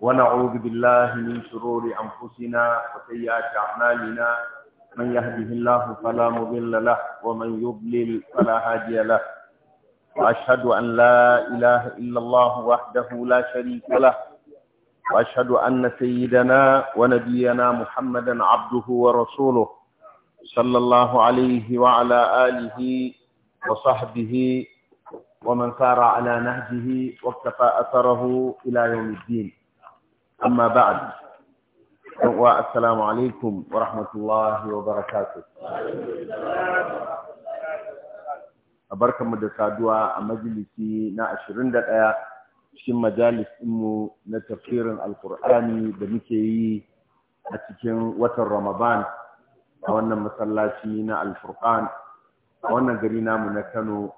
ونعوذ بالله من شرور أنفسنا وسيئات أعمالنا من يهده الله فلا مضل له ومن يضلل فلا هادي له وأشهد أن لا إله إلا الله وحده لا شريك له وأشهد أن سيدنا ونبينا محمدا عبده ورسوله صلى الله عليه وعلى آله وصحبه ومن سار على نهجه واكتفى أثره إلى يوم الدين Amma uwa أما بعد والسلام mu da saduwa a majlisi na ashirin da دقاء cikin majalis ɗinmu na tafsirin alkur'ani da muke yi a cikin watan ramadan a wannan masallaci na alfurqan a wannan gari namu na kano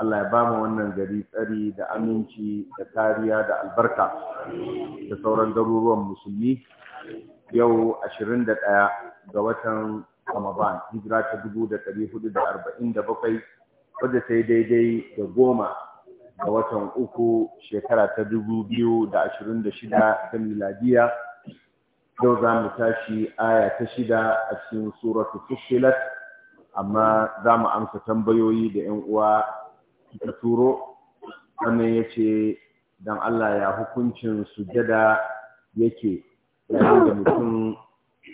Allah ya bamu wannan gari tsari da aminci da kariya da albarka da sauran garuruwan musulmi yau 21 ga watan Ramadan hijira ta 1447 wadda ta yi daidai da goma ga watan uku shekara ta 2026 ta miladiya yau za mu tashi aya ta shida a cikin suratu fussilat amma za mu amsa tambayoyi da 'yan uwa kika turo wannan ya ce don Allah ya hukuncin sujada yake yayin da mutum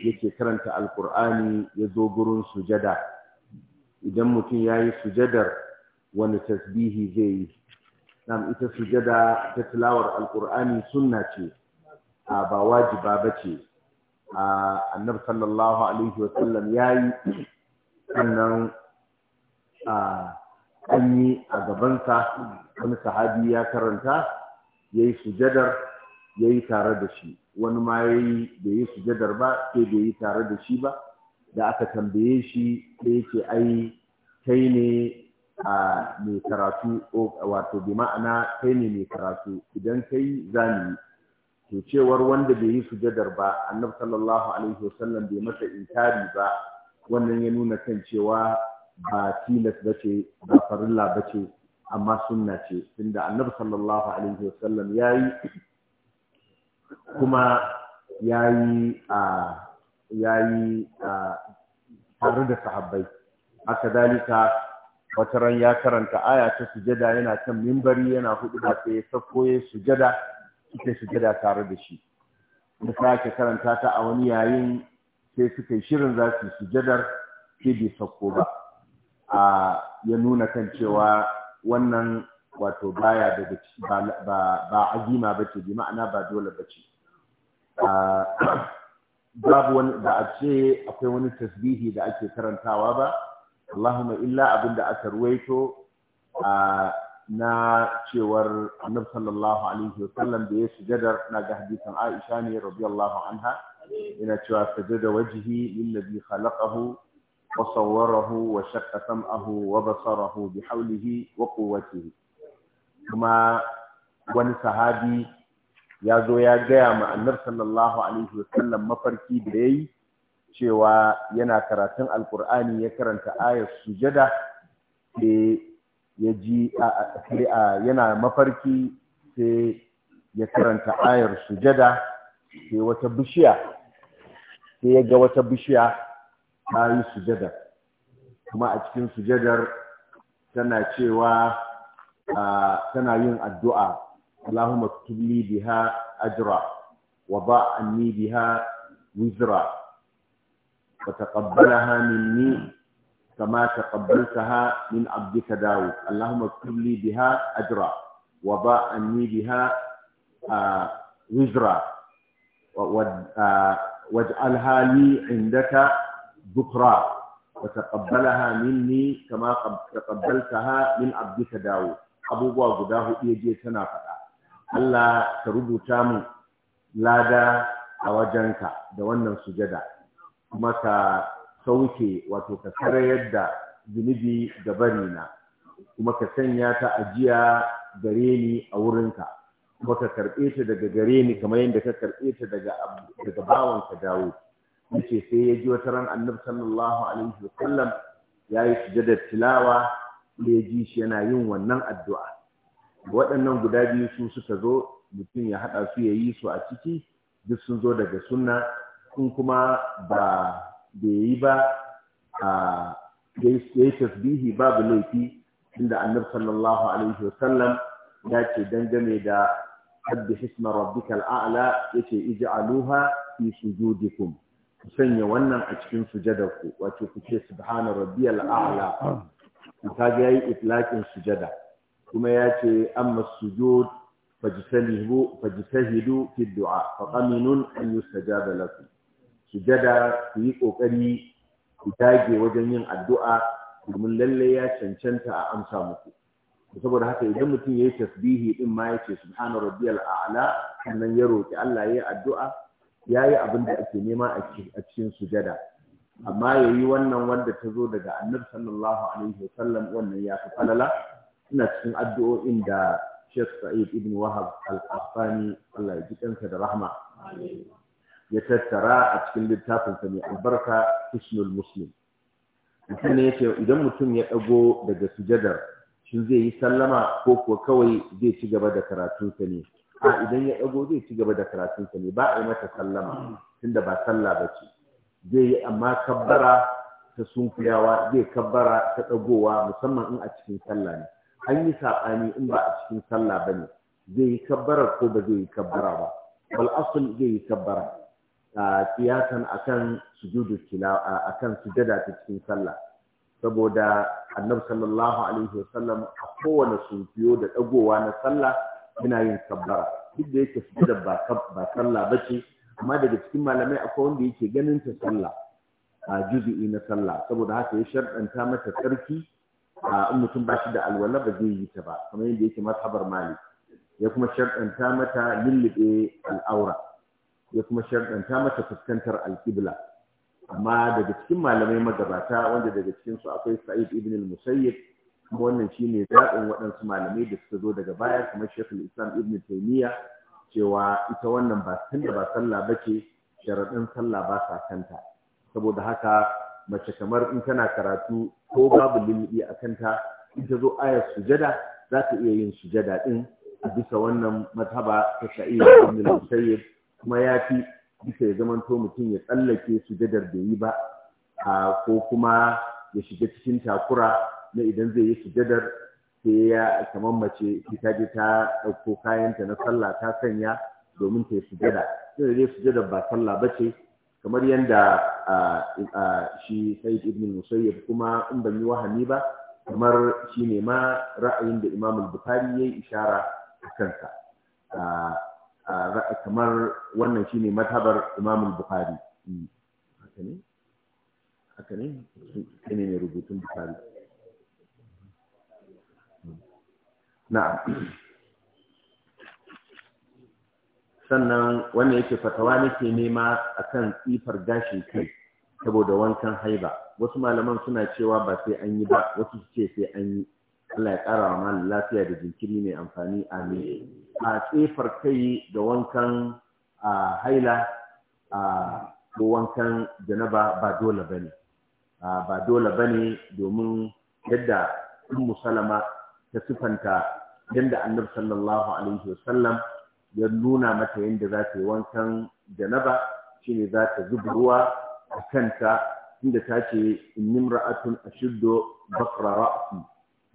yake karanta alkur'ani ya zo gurin sujada idan mutum ya yi sujadar wani tasbihi zai yi nam ita sujada ta tilawar alkur'ani sunna ce ba wajiba ba ce annabi sallallahu alaihi wasallam ya yi sannan an yi a gabansa wani sahabi ya karanta ya yi sujadar ya yi tare da shi wani ma ya yi da yi sujadar ba sai da yi tare da shi ba da aka tambaye shi sai ya ce ai kai ne a mai karatu wato bi ma'ana kai ne mai karatu idan kai za ni to cewar wanda bai yi sujadar ba annabi sallallahu alaihi wasallam bai masa inkari ba wannan ya nuna kan cewa ba tilas ba ce ba farilla ba ce amma sunna ce tunda annabi sallallahu alaihi wasallam ya yi kuma ya yi a tare da sahabbai haka dalika wata ran ya karanta aya ta sujada yana kan mimbari yana hudu da sai sako ya sujada kike sujada tare da shi da sake karanta ta a wani yayin sai suka yi shirin za su sujadar sai bai sako ba a ya nuna kan cewa wannan wato baya daga ba ba azima bace bi ma'ana ba dole bace ba a ce akwai wani tasbihi da ake karantawa ba Allahumma illa abinda aka ruwaito na cewar Annabi sallallahu alaihi sallam da ya sujadar na ga hadisin Aisha ne radiyallahu anha ina cewa sajada wajhi lillazi khalaqahu وصوره وشق سمعه وبصره بحوله وقوته كما wani sahabi ya zo ya gaya ma annar sallallahu alaihi wa sallam mafarki da ya yi cewa yana karatun alkur'ani ya karanta ayar sujada sai ya ji yana mafarki sai ya karanta ayar sujada sai wata bishiya sai ya ga wata bishiya ta yi sujada kuma a cikin sujadar tana cewa tana yin addu'a Allahumma tubli biha ajra wa ba'anni biha wizra wa taqabbalaha minni كما تقبلتها من عبدك داود اللهم اكتب لي بها أجرا وضاء عني بها آه وزرا واجعلها ذكرى وتقبلها مني كما تقبلتها من عبدك داود abubuwa guda hudu ya je tana faɗa Allah ka rubuta mu lada a wajenka da wannan sujada kuma ka sauke wato ka kare da zunubi da barina kuma ka sanya ta ajiya gare ni a wurinka kuma ka karɓe ta daga gare ni kamar yadda ka karɓe ta daga bawanka dawo yace sai ya ji wata ran annabi sallallahu alaihi wa sallam ya yi sujadar tilawa sai ya ji shi yana yin wannan addu'a waɗannan guda biyu su suka zo mutum ya haɗa su ya yi su a ciki duk sun zo daga sunna kun kuma ba da yi ba a ya yi tasbihi babu laifi inda annabi sallallahu alaihi wa sallam ya ce dangane da hadda hisma rabbikal a'la yace ij'aluha fi sujudikum ku sanya wannan a cikin sujadar ku wato kuke subhana rabbiyal a'la ku kaga yayi itlaqin sujada kuma yace amma sujud fajtalihu fajtahidu fi du'a fa qaminun an yustajaba lakum sujada ku yi kokari ku dage wajen yin addu'a domin lalle ya cancanta a amsa muku saboda haka idan mutum ya yi tasbihi din ma yace subhana rabbiyal a'la sannan ya roki Allah ya yi addu'a ya yi abin da ake nema a cikin sujada amma ya yi wannan wanda ta zo daga annabi sallallahu alaihi wasallam wannan ya fi falala ina cikin addu'o'in da Sheikh Sa'id ibn Wahab al-Qahtani Allah ya ji da rahma ya tattara a cikin littafinsa mai albarka Kishnul Muslim mutum ne yace idan mutum ya dago daga sujadar shin zai yi sallama ko kuwa kawai zai ci gaba da karatunsa ne a idan ya ɗago zai ci gaba da karatunsa ne ba a yi mata sallama tunda ba sallah ba ce zai yi amma kabbara ta sunkuyawa zai kabbara ta ɗagowa musamman in a cikin sallah ne an yi saɓani in ba a cikin sallah ba ne zai yi kabbara ko ba zai yi kabbara ba wal asul zai yi kabbara a kiyasan akan sujudu tilawa akan sujada ta cikin sallah saboda annabi sallallahu alaihi wasallam a kowane sunkuyo da ɗagowa na sallah muna yin kabbara duk da yake sujada ba sallah ba ce, amma daga cikin malamai akwai wanda yake ganin ta sallah a juzu'i na sallah saboda haka ya sharɗanta mata tsarki a in mutum ba shi da alwala ba zai yi ta ba kamar yadda yake mazhabar mali. ya kuma sharɗanta mata lullube al'aura ya kuma sharɗanta mata fuskantar alƙibla amma daga cikin malamai magabata wanda daga cikin su akwai sa'id ibn al-musayyib kuma wannan ne zaɓin waɗansu malamai da suka zo daga baya kamar shekul islam ibn taimiyya cewa ita wannan ba da ba sallah ba ce sharaɗin sallah ba sa kanta saboda haka mace kamar in tana karatu ko babu lulluɓi a kanta in ta zo ayar sujada za ta iya yin sujada ɗin a bisa wannan mataba ta sha'ir ibn musayyib kuma ya fi bisa ya zamanto mutum ya tsallake sujadar da yi ba ko kuma ya shiga cikin takura na idan zai yi sujadar sai ya kamar mace ta je ta ɗauko kayanta na sallah ta sanya domin ta yi sujada sai dai sujada ba sallah ba ce kamar yadda shi Said ibn Musayyib kuma in ban yi wahami ba kamar shi ne ma ra'ayin da Imam Bukhari yayi ishara a kansa kamar wannan shi ne matabar Imam Bukhari hmm. haka ne haka ne ne rubutun Bukhari na'am sannan wanda yake fatawa nake nema akan tsifar gashin kai saboda wankan haiba wasu malaman suna cewa ba sai an yi ba wasu su ce sai an yi Allah ya ƙara wa lafiya da jinkiri mai amfani amin a tsifar kai da wankan haila a ko wankan janaba ba dole bane ba dole bane domin yadda ummu salama ta sifanta yadda annabi sallallahu alaihi wasallam ya nuna mata yadda za ta yi wankan janaba shine za ta zuba ruwa a kanta inda ta ce inni imra'atun ashuddu bakra ra'si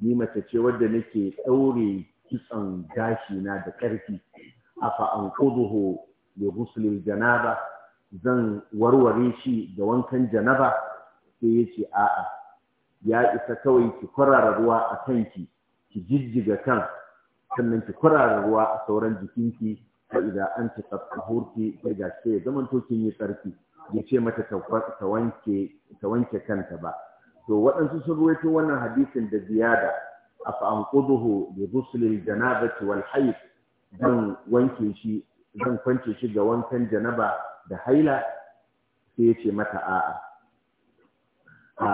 ni mace ce wadda nake daure kitsan gashi na da karfi afa anquduhu li ghusl janaba zan warware shi da wankan janaba sai yace a'a ya isa kawai ki kwarara ruwa a kanki ki jijjiga kan sannan ki kwarara ruwa a sauran jikinki ta idan an ci tsahurki sai ga ce zama to kin yi tsarki ya ce mata ta wanke ta wanke kanta ba to waɗansu sun ruwaito wannan hadisin da ziyada fa'an anquduhu da ghusl janabati wal hayd dan wanke shi zan kwance shi ga wankan janaba da haila sai ya ce mata a'a a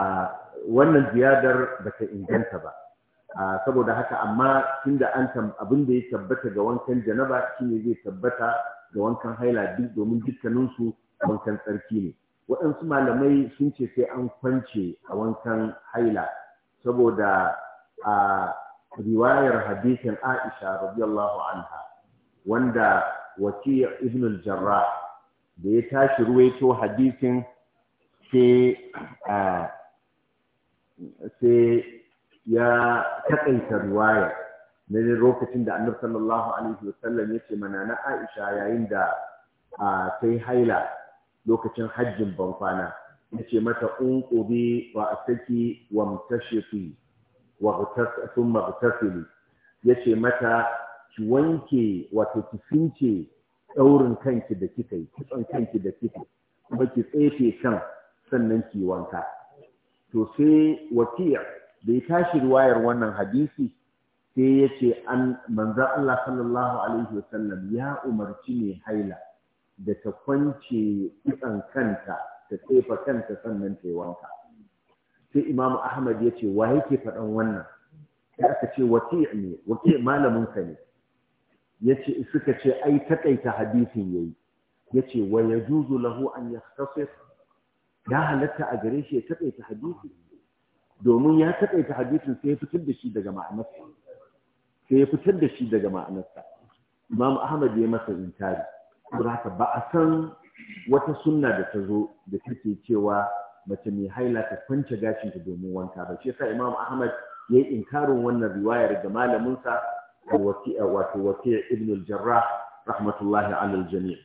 wannan ziyadar ba ta inganta ba saboda haka amma tunda an abin da ya tabbata ga wankan janaba shine zai tabbata ga wankan haila duk domin dukkanin su wankan tsarki ne waɗansu malamai sun ce sai an kwance a wankan haila saboda a riwayar hadisin Aisha radiyallahu anha wanda waki ibn al da ya tashi ruwaito hadisin sai sai ya takaita riwaya na lokacin da annabi sallallahu alaihi wasallam ya ce mana na Aisha yayin da sai haila lokacin hajjin bankwana ya ce mata unqubi wa asaki wa mutashifi wa thumma ghtasili ya ce mata ki wanke wato ki fince daurin kanki da kika yi kitson kanki da kika ki tsefe kan sannan ki wanka to sai watiya Bai tashi riwayar wannan hadisi sai ya ce an manzo Allah sallallahu alaihi wasallam ya umarci mai haila da ta kwance kitsan kanta ta tsefa kanta sannan ta wanka sai Imam Ahmad ya ce wa yake faɗan wannan sai aka ce wati ne wati malamin ka ne yace suka ce ai takaita hadisin yayi ce wa yajuzu lahu an yakhtasif ya halatta a gare shi ya taƙaita hadisi domin ya takaita hadisin sai ya fitar da shi daga ma'anarsa sai ya fitar da shi daga ma'anarsa imam ahmad ya masa inkari saboda ba a san wata sunna da ta zo da take cewa mace mai haila ta kwance ta domin wanka ba shi yasa imam ahmad ya yi inkarin wannan riwayar ga malaminsa wato wakiyar ibn al-jarrah rahmatullahi alal jami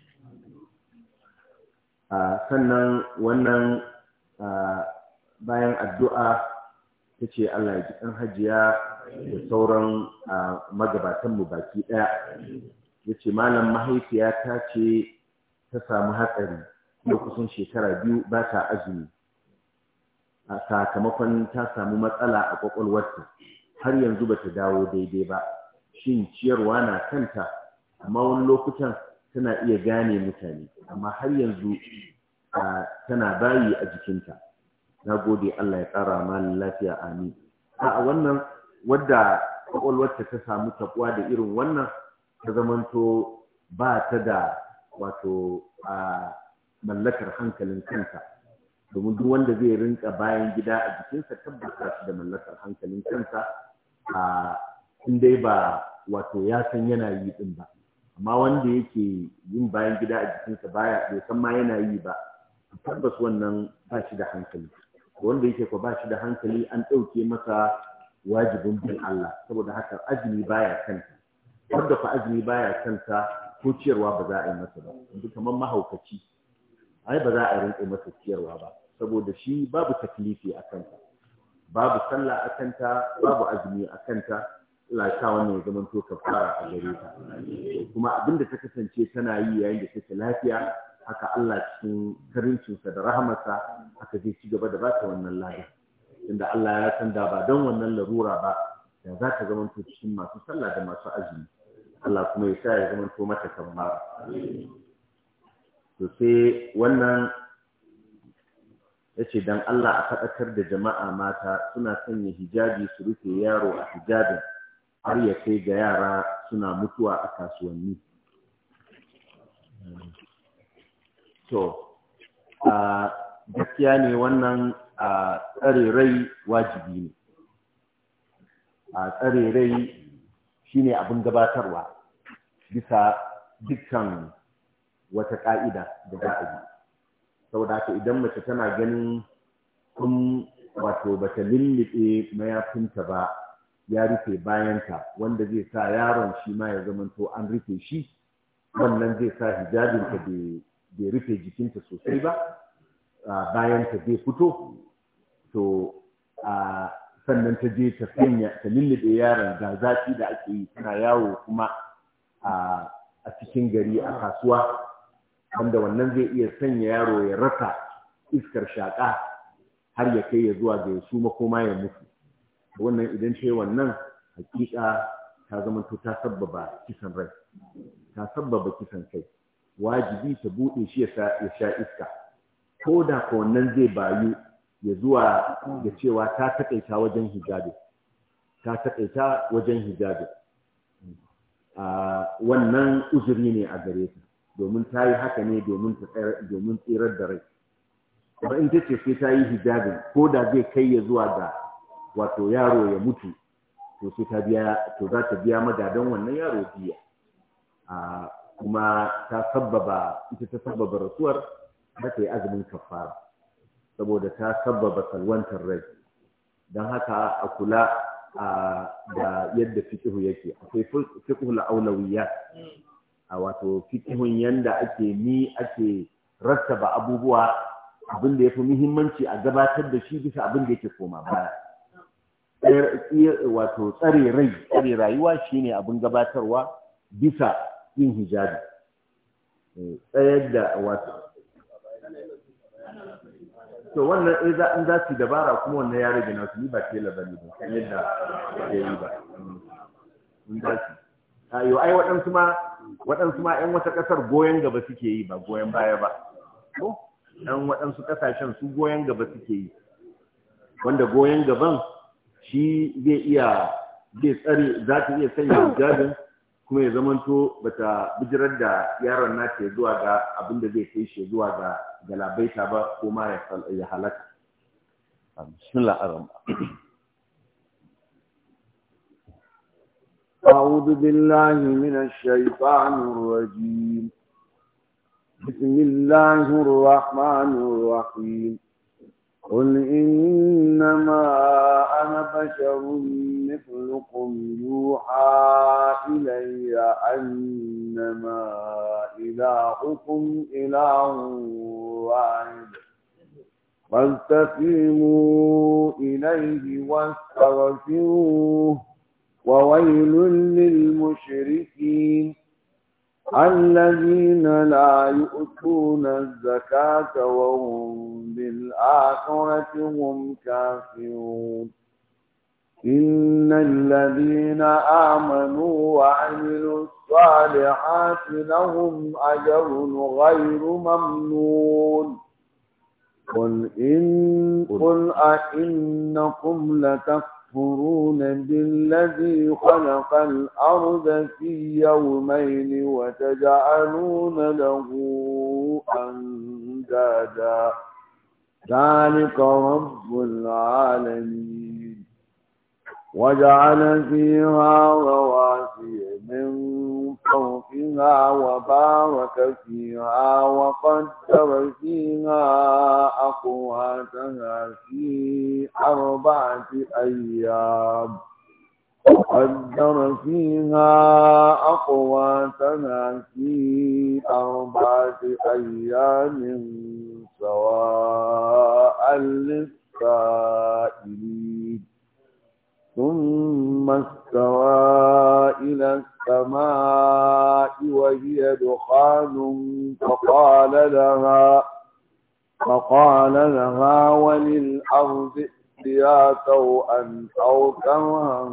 ah, sannan wannan ah, bayan addu'a ta ce Allah ya ji ɗan hajiya da sauran magabatanmu baki ɗaya ya ce malam mahaifiya ta ce ta samu hatsari da kusan shekara biyu ba ta azumi a sakamakon ta samu matsala a kwakwalwarta har yanzu ba ta dawo daidai ba shin ciyarwa na kanta amma wani lokutan tana iya gane mutane amma har yanzu tana bayi a jikinta na gode Allah ya ƙara mani lafiya amin a wannan wadda kwakwalwarta ta samu tabuwa da irin wannan ta zamanto ba ta da wato a mallakar hankalin kanta domin duk wanda zai rinka bayan gida a jikinsa tabbata da mallakar hankalin kansa a in dai ba wato ya san yana yi din ba amma wanda yake yin bayan gida a jikinsa baya bai san ma yana yi ba tabbas wannan ba shi da hankali wanda yake ba shi da hankali an ɗauke masa wajibin bin Allah saboda haka azumi baya kanta wanda fa azumi baya kanta ko ciyarwa ba za a yi masa ba duk kamar mahaukaci ai ba za a rinƙa masa ciyarwa ba saboda shi babu taklifi a kanta babu sallah a kanta babu azumi a kanta Allah ya wannan ya zama to kafara a gare ta kuma abinda ta kasance tana yi yayin da take lafiya haka Allah cikin karincinsa da rahamarsa aka zai ci gaba da ba ta wannan lada inda Allah ya san da ba don wannan larura ba da za ta zama cikin masu sallah da masu azumi Allah kuma ya sa ya zama to mata kamar to sai wannan yace dan Allah a faɗakar da jama'a mata suna sanya hijabi su rufe yaro a hijabin har ya kai ga yara suna mutuwa a kasuwanni to a gaskiya ne wannan a tsare rai wajibi ne a tsare rai shine abin gabatarwa bisa dukkan wata ka'ida da za a yi. saboda haka idan mace tana ganin kun wato bata lullube mayafinta ba ya rufe bayanta wanda zai sa yaron shi ma ya zamanto an rufe shi wannan zai sa hijabinta bai bai rufe jikinta sosai ba bayan ta zai fito to a sannan ta je ta sanya ta lullube yaron ga zafi da ake yi tana yawo kuma a cikin gari a kasuwa wanda wannan zai iya sanya yaro ya rasa iskar shaƙa har ya kai ya zuwa ga su makoma ya mutu wannan idan ce wannan hakika ta zama ta sabbaba kisan rai ta sabbaba kisan kai wajibi ta buɗe shi ya sha iska ko da ko wannan zai bayu ya zuwa da cewa ta takaita wajen hijabi ta takaita wajen hijabi wannan uzuri ne a gare ta domin ta yi haka ne domin tsirar da rai kuma in ta ce sai ta yi hijabi ko da zai kai ya zuwa ga wato yaro ya mutu to sai ta biya to za ta biya magadan wannan yaro biya kuma ta sabbaba ita ta sabbaba rasuwar ba ta yi azumin kafara saboda ta sabbaba salwantar rai don haka a kula da yadda fiƙihu yake akwai fiƙihu la'aulawiya a wato fiƙihun yanda ake ni ake ba abubuwa abin ya fi muhimmanci a gabatar da shi bisa abin da yake koma baya wato tsare rai tsare rayuwa shine abin gabatarwa bisa yin hijabi tsayar da wata. to wannan za in za su dabara kuma wannan ya rage nasu ni ba tela ba ne ba san yadda ya yi ba in za su ayo ai waɗansu ma waɗansu ma ƴan wata ƙasar goyon gaba suke yi ba goyon baya ba ko ɗan waɗansu ƙasashen su goyon gaba suke yi wanda goyon gaban shi zai iya zai tsare za ta iya sanya hijabin kuma ya zamanto bata bijirar da yaron nata zuwa ga abin da zai kai shi zuwa ga galabaita ba ko ma ya halaka bismillah arama أعوذ بالله من الشيطان الرجيم بسم الله الرحمن الرحيم قل إنما أنا بشر مثلكم يوحى إلي أنما إلهكم إله واحد فاستقيموا إليه واستغفروه وويل للمشركين الذين لا يؤتون الزكاة وهم بالآخرة هم كافرون إن الذين آمنوا وعملوا الصالحات لهم أجر غير ممنون قل إن قل أئنكم لتفكرون يكفرون بالذي خلق الأرض في يومين وتجعلون له أندادا ذلك رب العالمين وجعل فيها رواسي من خوفها وبارك فيها وقدر فيها أقواتها في أربعة أيام وقدر فيها أقواتها في أربعة أيام سواء للسائلين ثم استوى إلى السماء وهي دخان فقال لها فقال لها وللأرض ائتيا توءا أو كرها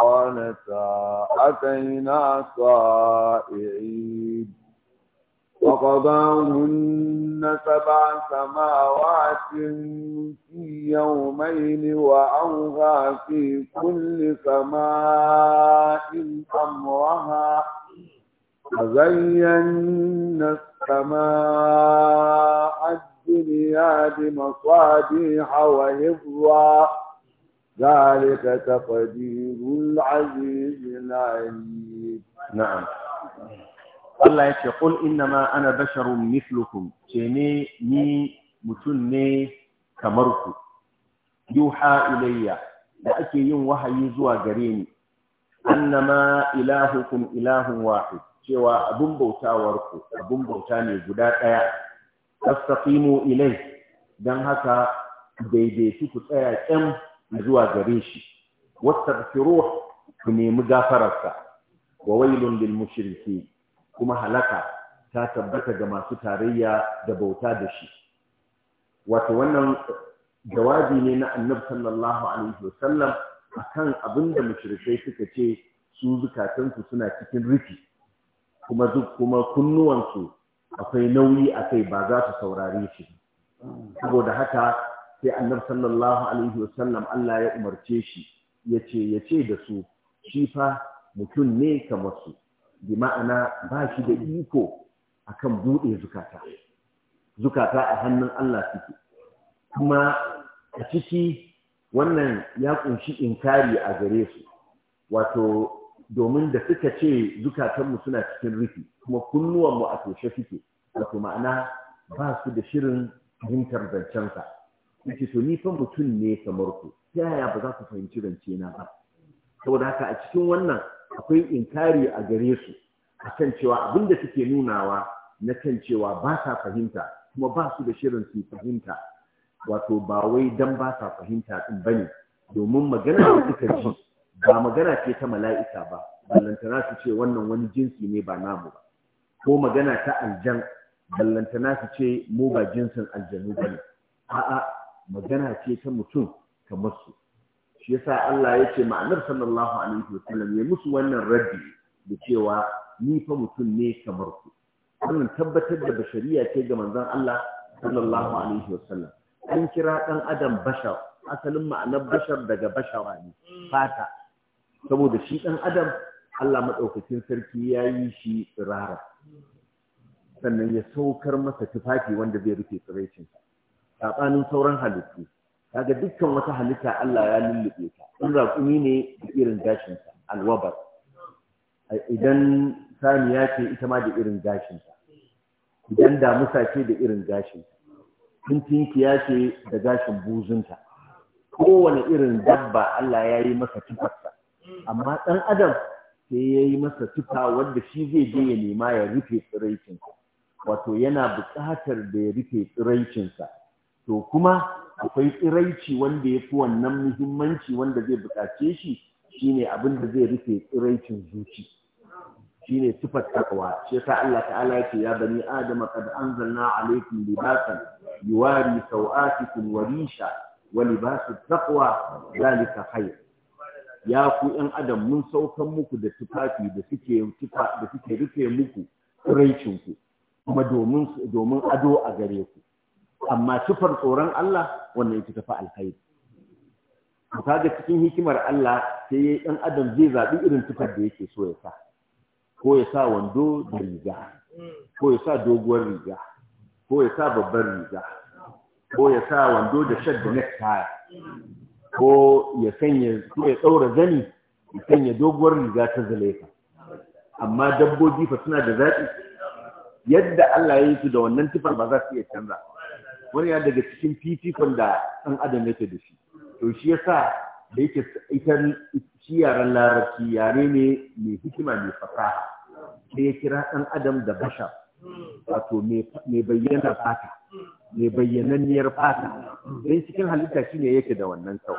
قالتا أتينا صائعين وقضاهن سبع سماوات في يومين وأوغى في كل سماء أمرها وزينا السماء الدنيا بمصابيح وهضا ذلك تقدير العزيز العليم نعم Allah ya ce inna ma ana basharun mithlukum ce ne ni mutum ne kamar ku yuha ilayya da ake yin wahayi zuwa gare ni annama ilahukum ilahun wahid cewa abun bautawar ku abun bauta ne guda daya tastaqimu ilai dan haka daidaitu ku tsaya kyan zuwa gare shi firo ku nemi gafararsa wa wailun lil mushrikeen kuma halaka ta tabbata ga masu tarayya da bauta da shi wato wannan jawabi ne na annabi sallallahu alaihi wasallam akan abin da mushrikai suka ce su zukatansu suna cikin rufi kuma duk kuma kunnuwansu akwai nauyi a kai ba za su saurare shi saboda haka sai annabi sallallahu alaihi wasallam Allah ya umarce shi ya ce ya da su shi fa mutum ne kamar su bi ma'ana ba shi da iko akan buɗe zukata zukata a hannun Allah suke kuma a ciki wannan ya kunshi inkari a gare su wato domin da suka ce zukatanmu suna cikin rufi kuma kunnuwan mu a toshe suke wato ma'ana ba su da shirin fahimtar zancensa yace to ni fa mutum ne kamar ku ta yaya ba za ku fahimci zance na ba saboda haka a cikin wannan akwai inkari a gare su a kan cewa abin da suke nunawa na kan cewa ba sa fahimta kuma ba su da shirin su fahimta wato ba wai dan ba sa fahimta din ne. domin magana da suka ji ba magana ce ta mala'ika ba ballantana su ce wannan wani jinsi ne ba namu ba ko magana ta aljan ballantana su ce mu ba jinsin aljanu ba ne. a'a magana ce ta mutum kamar su shi yasa Allah ya ce ma'anar sallallahu alaihi wasallam ya musu wannan raddi da cewa ni fa mutum ne kamar ku wannan tabbatar da bashariya ce ga manzon Allah sallallahu alaihi wasallam an kira dan adam bashar asalin ma'anar bashar daga bashara ne fata saboda shi dan adam Allah madaukakin sarki ya yi shi tsirara sannan ya saukar masa tufafi wanda zai rufe tsiraicinsa saɓanin sauran halittu kaga dukkan wata halitta Allah ya lullube ta in raƙumi ne da irin gashinsa alwabar idan ya ce ita ma da irin gashinta idan musa ce da irin gashinta in ya ce da gashin buzunta kowane irin dabba Allah ya yi masa tufarsa amma ɗan adam sai ya yi masa tufa wanda shi zai je ya nema ya rufe tsiraicinsa wato yana buƙatar da ya rufe tsiraicinsa to kuma akwai tsiraici wanda ya fi wannan muhimmanci wanda zai buƙace shi shine abin da zai rufe tsiraicin zuci shine sifar takwa shi ta Allah ta'ala yake ya bani adam qad anzalna alaykum libasan yuwari sawatikum wa risha wa libasu taqwa zalika khair ya ku ɗan adam mun saukan muku da tufafi da suke rufe muku tsiraicin kuma domin domin ado a gare ku amma sifar tsoron Allah wannan ita tafi alkhairi to kaga cikin hikimar Allah sai yayi dan adam zai zabi irin sifar da yake so ya sa ko ya sa wando da riga ko ya sa doguwar riga ko ya sa babbar riga ko ya sa wando da shadda na kaya ko ya sanya ko ya daura zani ya sanya doguwar riga ta zalefa. amma dabbobi fa suna da zaɓi yadda Allah ya yi su da wannan tufar ba za su iya canza ba wani yana daga cikin fifikon da ɗan adam yake da shi to shi sa da yake ita shi yaren larabci yare ne mai hikima mai fasaha sai ya kira ɗan adam da bashar wato mai bayyana fata mai bayyananniyar fata don cikin halitta shi ne yake da wannan sau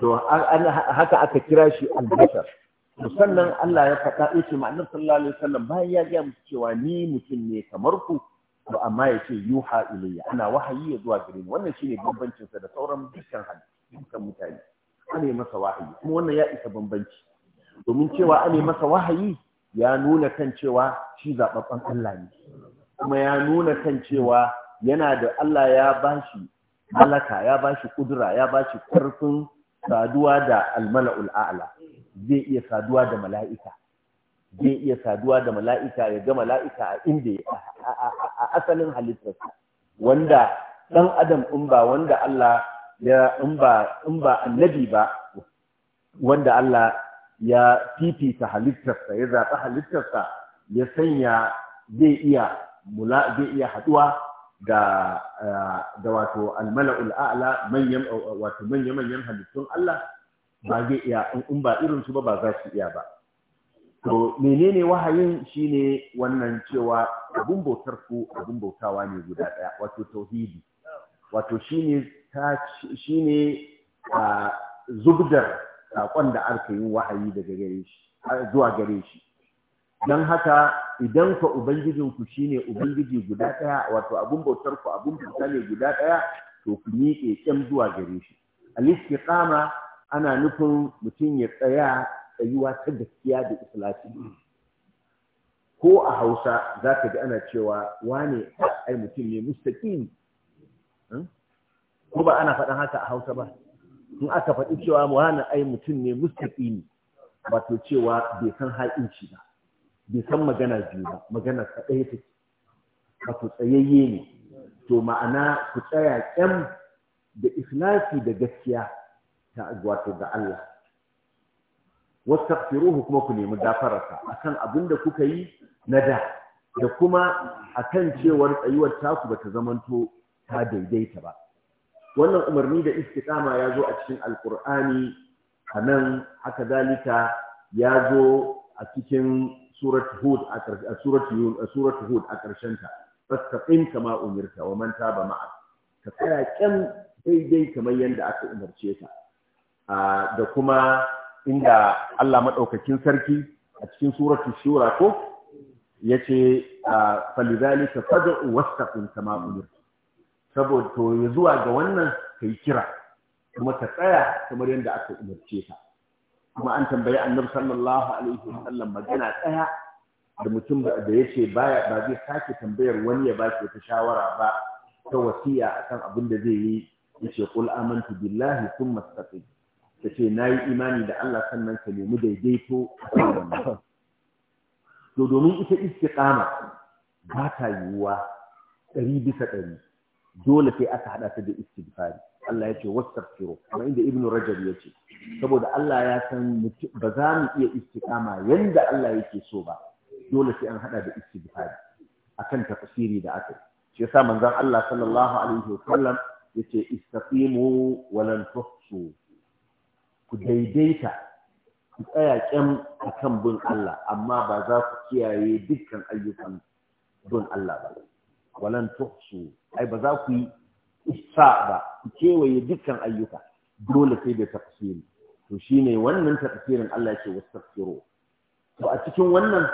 to haka aka kira shi albashar sannan Allah ya faɗa ya ma'anar sallallahu alaihi wasallam bayan ya gaya musu cewa ni mutum ne kamar ku to amma ya ce yuha ilayya ana wahayi ya zuwa gare ni wannan shine bambancin sa da sauran dukkan dukkan mutane ana yi masa wahayi kuma wannan ya isa bambanci domin cewa ana yi masa wahayi ya nuna kan cewa shi zababban Allah ne kuma ya nuna kan cewa yana da Allah ya bashi malaka ya bashi kudura ya bashi karfin saduwa da almala'ul a'la zai iya saduwa da mala'ika zai iya saduwa da mala'ika ya ga mala'ika a inda a asalin halittarsa wanda ɗan adam in ba wanda Allah ya in ba ba annabi ba wanda Allah ya fifita halittarsa ya zaɓi halittarsa ya sanya zai iya mula zai iya haɗuwa da da wato almala'ul a'la manyan wato manyan manyan halittun Allah ba zai iya in ba irin su ba ba za su iya ba to menene wahayin shine wannan cewa abun bautar ku abun bautawa ne guda daya wato tauhidi wato shine ta shine zubdar saƙon da aka yi wahayi daga gare shi zuwa gare shi don haka idan ka ubangijin ku shine ubangiji guda daya wato abun bautar ku abun bauta ne guda ɗaya? to ku miƙe kyam zuwa gare shi al-istiqama ana nufin mutum ya tsaya tsayuwa ta gaskiya da islasi mm. ko a hausa za ka ji ana cewa wane ai mutum ne mustaƙim hmm? ko ba ana faɗin haka a hausa ba in aka faɗi cewa wane ai mutum ne ba wato cewa bai san shi ba bai san magana biyu ba magana ta ɗaya ba to tsayayye ne to ma'ana ku tsaya ƙyam da islasi da gaskiya ta wato ga Allah wastaghfiruhu kuma ku nemi gafararsa akan abin da kuka yi na da da kuma akan cewar tsayuwar taku bata zamanto ta daidaita ba wannan umarni da istiqama ya zo a cikin alqur'ani anan haka zalika ya zo a cikin suratul hud a suratul suratul hud a karshen ta fastaqim kama umirta wa man taba ma'a ka tsaya kyan daidai kamar yadda aka umarce ka ah, da kuma inda Allah maɗaukakin sarki a cikin suratul shura ko yace falizalika fad'u kafin kama umir saboda to ya zuwa ga wannan kai kira kuma ka tsaya kamar yadda aka umarce ka kuma an tambayi annabi sallallahu alaihi sallam magana tsaya da mutum da ce baya ba zai sake tambayar wani ya ba shi ta shawara ba ta wasiya akan abin da zai yi ce qul amantu billahi thumma istaqim ta ce na yi imani da Allah sannan ka nemi daidaito a kan to domin ita istiqama ba ta yiwuwa ɗari bisa ɗari dole sai aka haɗa ta da istighfari Allah ya ce wastaghfiru kuma inda ibnu rajab ya ce saboda Allah ya san ba za mu iya istiqama yadda Allah yake so ba dole sai an haɗa da istighfari akan tafsiri da aka shi yasa manzon Allah sallallahu alaihi wasallam yace istaqimu wa tuhsu ku daidaita ku tsaya kyan kan bin Allah amma ba za ku kiyaye dukkan ayyukan bin Allah ba walan tuhsu ai ba za ku yi isa ba ku kewaye dukkan ayyuka dole sai da tafsiri to shine wannan tafsirin Allah yake tafsiro. to a cikin wannan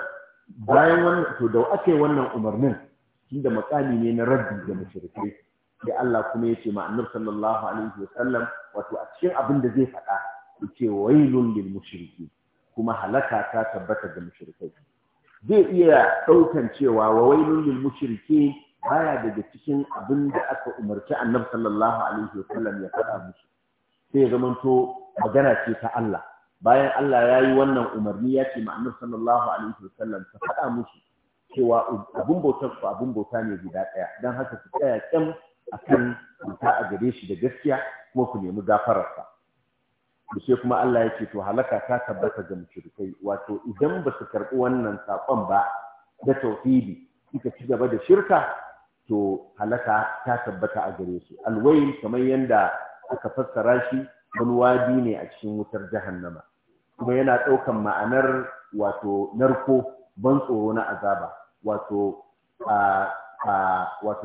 bayan wannan to da ake wannan umarnin shi da makami ne na rabbi ga mushrikai sai Allah kuma yace ma annabi sallallahu alaihi wasallam wato a cikin abin da zai faɗa yace wailun lil mushriki kuma halaka ta tabbata ga mushrikai zai iya daukan cewa wa wailun lil mushriki baya daga cikin abin da aka umarci annabi sallallahu alaihi wasallam ya faɗa musu sai ya zamanto magana ce ta Allah bayan Allah ya yi wannan umarni ya ce ma'anar sallallahu alaihi wasallam ta faɗa musu cewa abin bautar su abin bauta ne guda ɗaya don haka su tsaya kyam akan kan a gare shi da gaskiya kuma ku nemi gafararsa to sai kuma Allah ya ce to halaka ta tabbata ga mushrikai wato idan ba su karɓi wannan saƙon ba da tauhidi suka ci gaba da shirka to halaka ta tabbata a gare su alwai kamar yanda aka fassara shi wani wadi ne a cikin wutar jahannama kuma yana ɗaukan ma'anar wato narko ban tsoro na azaba wato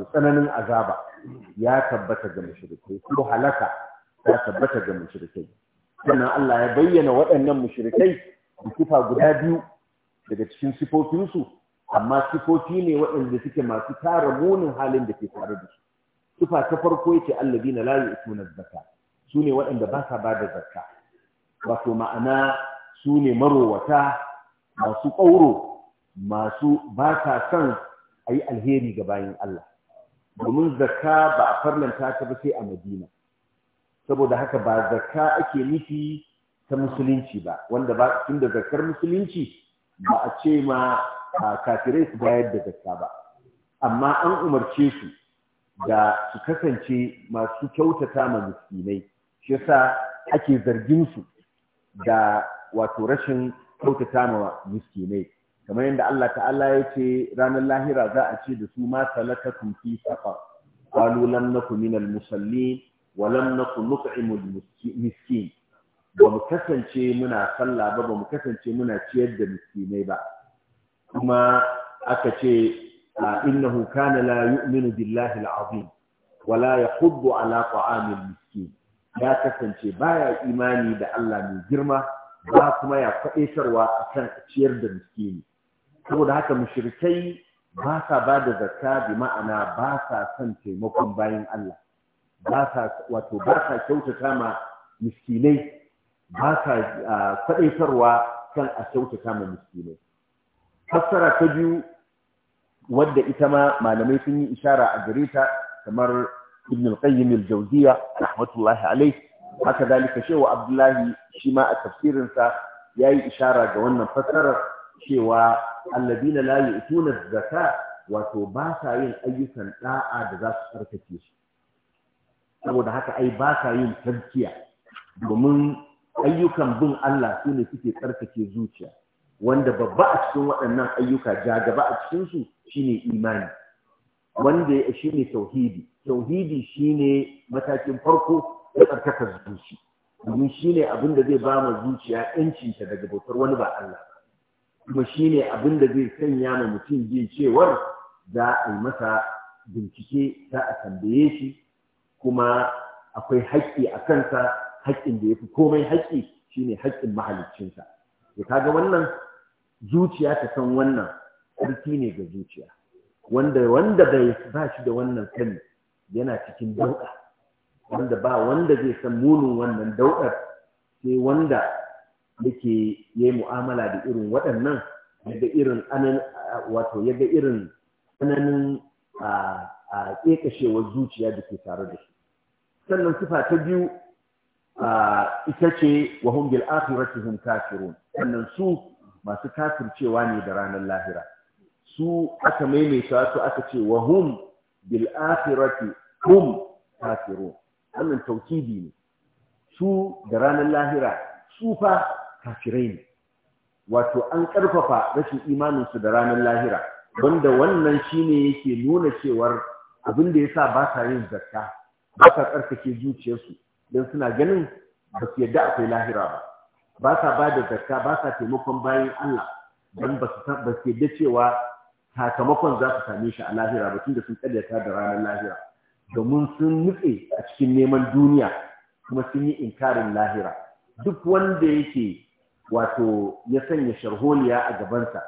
tsananin azaba ya tabbata ga mushrikai ko halaka ta tabbata ga mushrikai sannan Allah ya bayyana waɗannan mushrikai da sifa guda biyu daga cikin sifofinsu amma sifofi ne waɗanda suke masu tara munin halin da ke tare da su sifa ta farko yake layi la na zakka su ne waɗanda ba sa bada zakka wato ma'ana su ne marowata masu ƙauro masu ba sa son a yi alheri ga bayan Allah domin zakka ba a farlanta ta ba sai a Madina saboda haka ba zakka ake nufi ta musulunci ba wanda ba tun da zakkar musulunci ba a ce ma kafirai su bayar da zakka ba amma an umarce su da su kasance masu kyautata ma musulmai shi yasa ake zargin su da wato rashin kyautata ma musulmai kamar yadda Allah ta'ala ya ce ranar lahira za a ce da su ma talakatun fi safar qalu lam nakum minal walam naku nut'imul miskin ba mu kasance muna sallah ba ba mu kasance muna ciyar da miskinai ba kuma aka ce innahu kana la yu'minu billahi al'azim wala ya ala ta'amil miskin ya kasance baya imani da Allah mai girma ba kuma ya faɗaitarwa akan ciyar da miskini saboda haka mushirikai ba sa ba da zakka ma'ana ba sa son taimakon bayan Allah ba sa wato ba sa kyautata ma miskinai ba sa faɗaitarwa kan a kyautata ma miskinai fassara ta biyu wadda ita ma malamai sun yi ishara a gare ta kamar ibn al-qayyim al-jawziya rahmatullahi alayh haka dalika shehu abdullahi shi ma a tafsirin sa yayi ishara ga wannan fassarar cewa alladina la yu'tuna zakata wato ba sa yin ayyukan da'a da za su tsarkake shi saboda haka ai ba sa yin tarkiya domin ayyukan bin Allah su ne suke tsarkake zuciya wanda babba a cikin waɗannan ayyuka ja gaba a cikinsu shine imani wanda ya shi ne tauhidi tauhidi shine matakin farko na tsarkaka zuci domin shine abin da zai ba ma zuciya yancinta daga bautar wani ba Allah kuma shine abin da zai sanya ma mutum jin cewar za a yi masa bincike za a tambaye shi kuma akwai haƙƙi a kansa haƙƙin da ya fi komai haƙƙi shine haƙƙin mahaliccinsa to kaga wannan zuciya ta san wannan sarki ne ga zuciya wanda wanda bai ba shi da wannan sani yana cikin dauka wanda ba wanda zai san munin wannan dauɗar sai wanda yake yayi mu'amala da irin waɗannan yaga irin anan wato yaga irin tsananin a ƙeƙashewar zuciya da ke tare da shi sannan sifa ta biyu ita ce wa hum bil akhirati hum kafirun sannan su masu kafircewa ne da ranar lahira su aka maimaita su aka ce wa hum bil akhirati hum kafirun wannan ne su da ranar lahira su fa kafirai ne wato an karfafa rashin imanin su da ranar lahira wanda wannan shine yake nuna cewar abin da yasa ba sa yin zakka ba sa tsarkake zuciyarsu don suna ganin ba su yadda akwai lahira ba ba sa ba da zakka ba sa taimakon bayan Allah don ba su yadda cewa sakamakon za su same shi a lahira ba tun da sun karyata da ranar lahira domin sun nutse a cikin neman duniya kuma sun yi inkarin lahira duk wanda yake wato ya sanya sharholiya a gabansa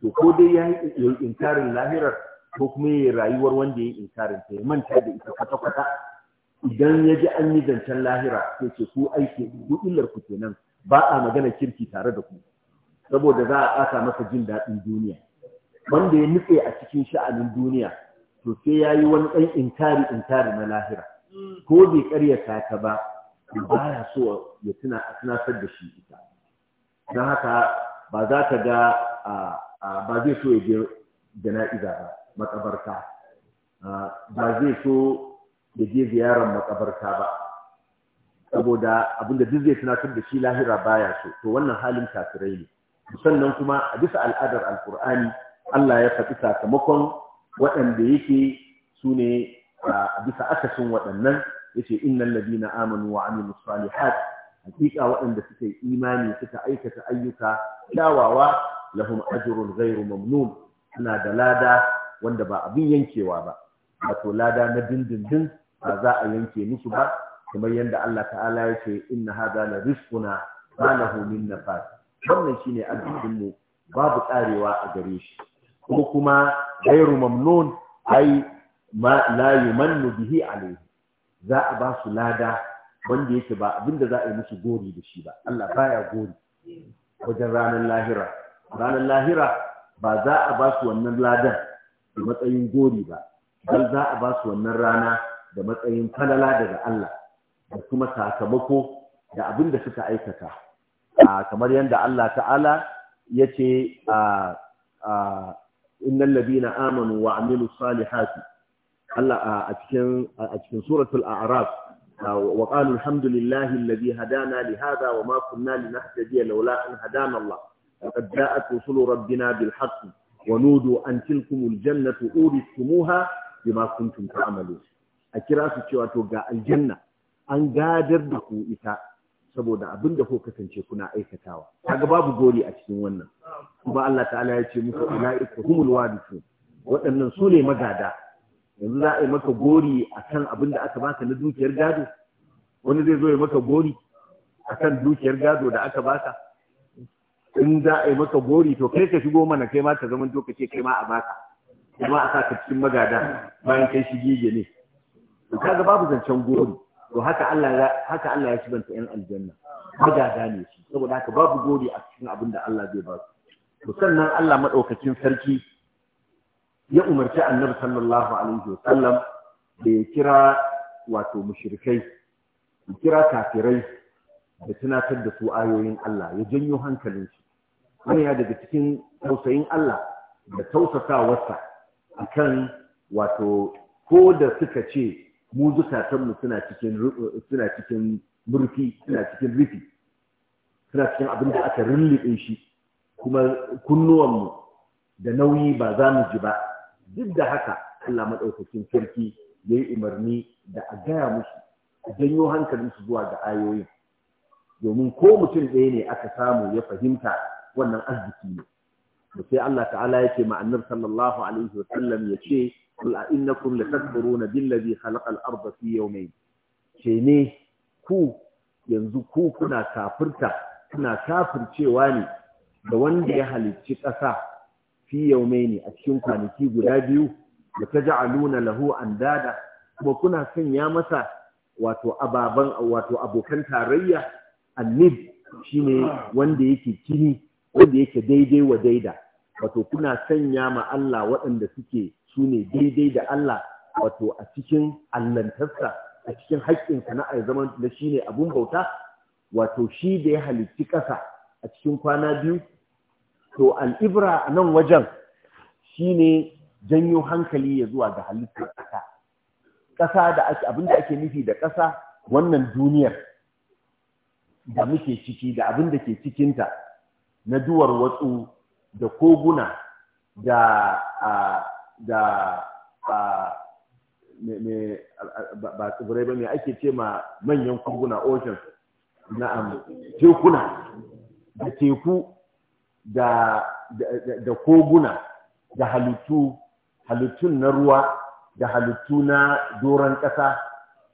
to ko dai ya yi inkarin lahirar ko kuma ya rayuwar wanda ya yi inkarin ta ya manta da ita kwata-kwata idan ya ji an yi zancen lahira sai ce ku aiki ku illar ku kenan ba a magana kirki tare da ku saboda za a aka masa jin daɗin duniya wanda ya nutse a cikin sha'anin duniya to sai ya yi wani ɗan inkari inkari na lahira ko bai karyata ta ba ba ya so ya tuna a da shi ita don haka ba za ka ga ba zai so ya je jana'iza ba makabarta ba zai so da je ziyarar makabarta ba saboda abinda duk zai tunatar da shi lahira baya so to wannan halin kafirai ne sannan kuma a bisa al'adar alkur'ani Allah ya faɗi sakamakon waɗanda yake su ne a bisa akasin waɗannan yace innal na amanu wa amilus salihat hakika waɗanda suka yi imani suka aikata ayyuka kyawawa lahum ajrun ghairu mamnun suna da lada wanda ba abin yankewa ba wato lada na dindindin ba za a yanke musu ba kamar yadda Allah ta'ala ya ce inna hada la rizquna ma lahu min nafas wannan shine addinin mu babu karewa a gare shi ko kuma ghairu mamnun ai ma la yumannu bihi alayhi za a ba su lada wanda yake ba abinda za a yi musu gori da shi ba Allah baya gori wajen ranar lahira ranar lahira ba za a ba su wannan ladan a matsayin gori ba bal za a ba su wannan rana da matsayin falala daga Allah da kuma sakamako da abin da suka aikata kamar yadda Allah ta'ala ya ce innal ladina amanu wa amilu salihati Allah a cikin a cikin suratul a'raf wa qalu alhamdulillahi alladhi hadana li hadha wa ma kunna linahtadiya lawla an hadana Allah laqad ja'at rusulu rabbina bil haqq wa nudu an tilkumul jannatu uristumuha ma kuntum ta'malu a kira su cewa to ga aljanna an gadar da ku ita saboda abin da ku kasance kuna aikatawa kaga babu gori a cikin wannan kuma Allah ta'ala ya ce musu ulaiku humul wadisu waɗannan su ne magada yanzu za a yi maka gori akan abin da aka baka na dukiyar gado wani zai zo ya maka gori akan dukiyar gado da aka baka in za a yi maka gori to kai ka shigo mana kai ma ka zama to ka ce kai ma a baka kuma a saka cikin magada bayan kai shi gige ne to kaga babu zancen gori to haka Allah ya haka Allah ya shibanta yan aljanna magada ne shi saboda haka babu gori a cikin abin da Allah zai ba su to sannan Allah madaukakin sarki ya umarci Annabi sallallahu alaihi wasallam da ya kira wato mushrikai ya kira kafirai da tunatar da su ayoyin Allah ya janyo hankalinsu Wani ya daga cikin tausayin Allah da tausasawarsa akan wato ko da suka ce mu zukatanmu suna cikin murfi suna cikin rufi suna cikin abin da aka rulluɓe shi kuma kunnuwanmu da nauyi ba za mu ji ba duk da haka Allah maɗaukacin sarki ya yi umarni da a gaya musu a janyo su zuwa ga ayoyin domin ko mutum ɗaya ne aka samu ya fahimta wannan arziki ne sai Allah ta'ala yake ma annabi sallallahu alaihi wa sallam yace kul a innakum latakfuruna billazi khalaqa al-ardha fi yawmayn ce ne ku yanzu ku kuna kafirta kuna kafircewa ne da wanda ya halicci ƙasa fi yawmayn a cikin kwanaki guda biyu da taj'aluna lahu andada kuma kuna sanya masa wato ababan wato abokan tarayya annib shine wanda yake kini wanda yake daidai wa daida wato kuna sanya ma Allah waɗanda suke su ne daidai da Allah wato a cikin allantarsa a cikin haƙƙinsa na ai zaman da shi ne abun bauta wato shi da ya halitti ƙasa a cikin kwana biyu to al'ibra a nan wajen shi ne janyo hankali ya zuwa ga halittar ƙasa ƙasa da ake abin da ake nufi da ƙasa wannan duniyar da muke ciki da abin da ke cikinta na duwar watsu da koguna da da ba tsibirai ba ne ake ce ma manyan koguna ocean na'am tekuna da teku da koguna da halittu halittun na ruwa da halittu na doron ƙasa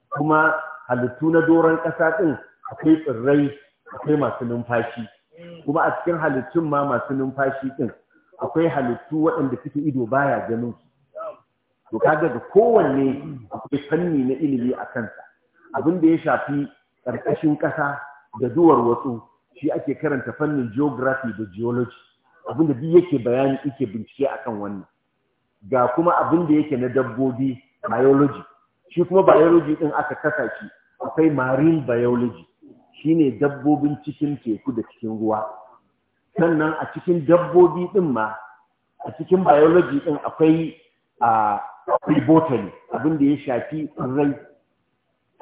kuma halittu na doron ƙasa ɗin akwai tsirrai akwai masu numfashi kuma a cikin halittun ma masu numfashi ɗin, akwai halittu waɗanda suke ido baya ganin su to kaga da kowanne akwai fanni na ilimi a kansa abin da ya shafi ƙarƙashin ƙasa da duwar watsu shi ake karanta fannin geography da geology abin da duk yake bayani yake bincike akan wannan ga kuma abin da yake na dabbobi biology shi kuma biology din aka kasa shi akwai marine biology shine dabbobin cikin teku da cikin ruwa sannan a cikin dabbobi din ma a cikin biology din akwai a botany abin da ya shafi rai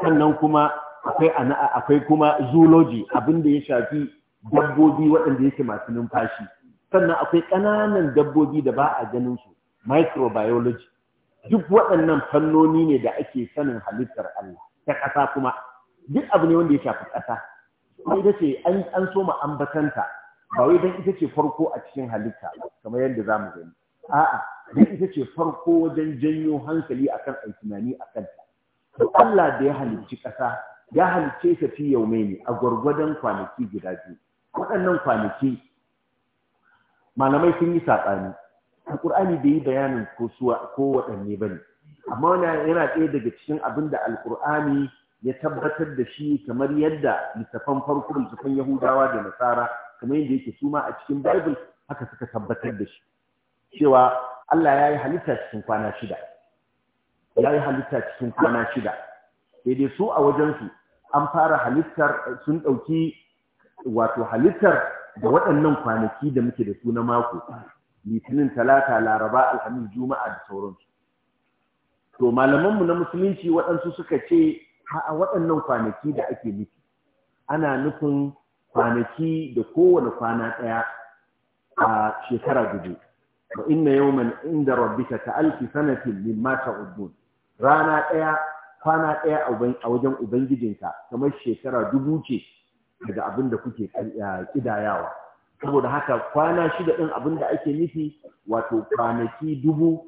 sannan kuma akwai akwai kuma zoology abin ya shafi dabbobi waɗanda yake masu numfashi sannan akwai ƙananan dabbobi da ba a ganin su microbiology duk waɗannan fannoni ne da ake sanin halittar Allah ta ƙasa kuma duk abu ne wanda ya shafi ƙasa ko ita ce an so ma ambatanta ba wai don ita ce farko a cikin halitta kamar yadda za mu gani a'a don ita ce farko wajen janyo hankali akan ai tunani akan ta to Allah da ya halicci ƙasa ya halicce ta fi ne a gwargwadon kwanaki guda biyu waɗannan kwanaki malamai sun yi saɓani alƙur'ani bai yi bayanin ko ko waɗanne ba ne amma yana ɗaya daga cikin abin da alƙur'ani ya tabbatar da shi kamar yadda littafan farko littafan yahudawa da nasara kamar yadda yake suma a cikin bible haka suka tabbatar da shi cewa Allah ya yi halitta cikin kwana shida ya yi halitta cikin kwana shida sai dai su a wajensu an fara halittar sun ɗauki wato halittar da waɗannan kwanaki da muke da su na mako litinin talata laraba alhamis juma'a da sauransu to malamanmu na musulunci waɗansu suka ce a waɗannan kwanaki da ake nufi ana nufin kwanaki da kowane kwana ɗaya a shekara dubu wa inna yawman inda rabbika ka alfi sanatin mata ta'udun rana ɗaya kwana ɗaya a wajen ubangijinka kamar shekara dubu ce daga abin da kuke ƙidayawa. saboda haka kwana shida ɗin abin da ake nufi wato kwanaki dubu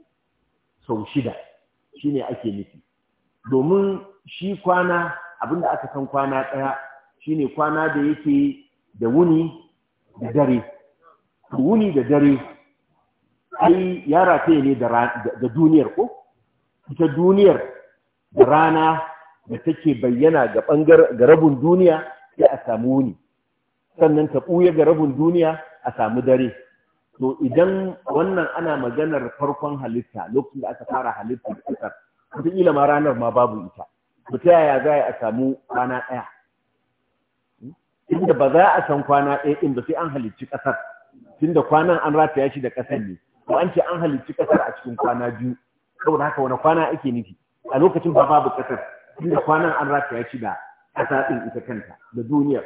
sau shida shine ake nufi domin shi kwana abinda aka san kwana ɗaya shine kwana da yake da wuni da dare wuni da dare ai ya rataye ne da duniyar ko ita duniyar da rana da take bayyana ga rabin duniya sai a samu wuni sannan ta ɓuya ga rabin duniya a samu dare to idan wannan ana maganar farkon halitta lokacin da aka fara da ƙasar wataƙila ma ranar ma babu ita ku ta yaya za a samu kwana ɗaya inda ba za a san kwana ɗaya inda sai an halicci ƙasar tunda kwanan an rataya shi da ƙasar ne ko an ce an halicci ƙasar a cikin kwana biyu saboda haka wani kwana ake nufi a lokacin ba babu ƙasar tunda kwanan an rataya shi da ƙasa ɗin ita kanta da duniyar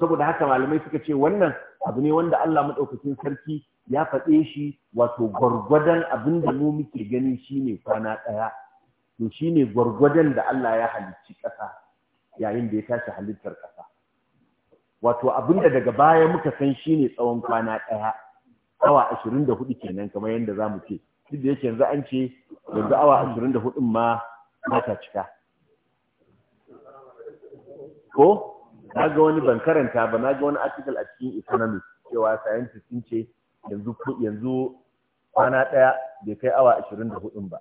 saboda haka malamai suka ce wannan abu ne wanda Allah maɗaukacin sarki ya faɗe shi wato gwargwadon abin da mu muke gani shine kwana ɗaya to shine gwargwadon da Allah ya halicci ƙasa yayin da ya tashi halittar ƙasa wato abinda daga baya muka san shine tsawon kwana ɗaya awa 24 kenan kamar yadda zamu ce duk da yake yanzu an ce yanzu awa 24 ma mata cika ko na ga wani ban karanta ba na ga wani article a cikin economy cewa scientists sun ce yanzu kwana ɗaya bai kai awa 24 ba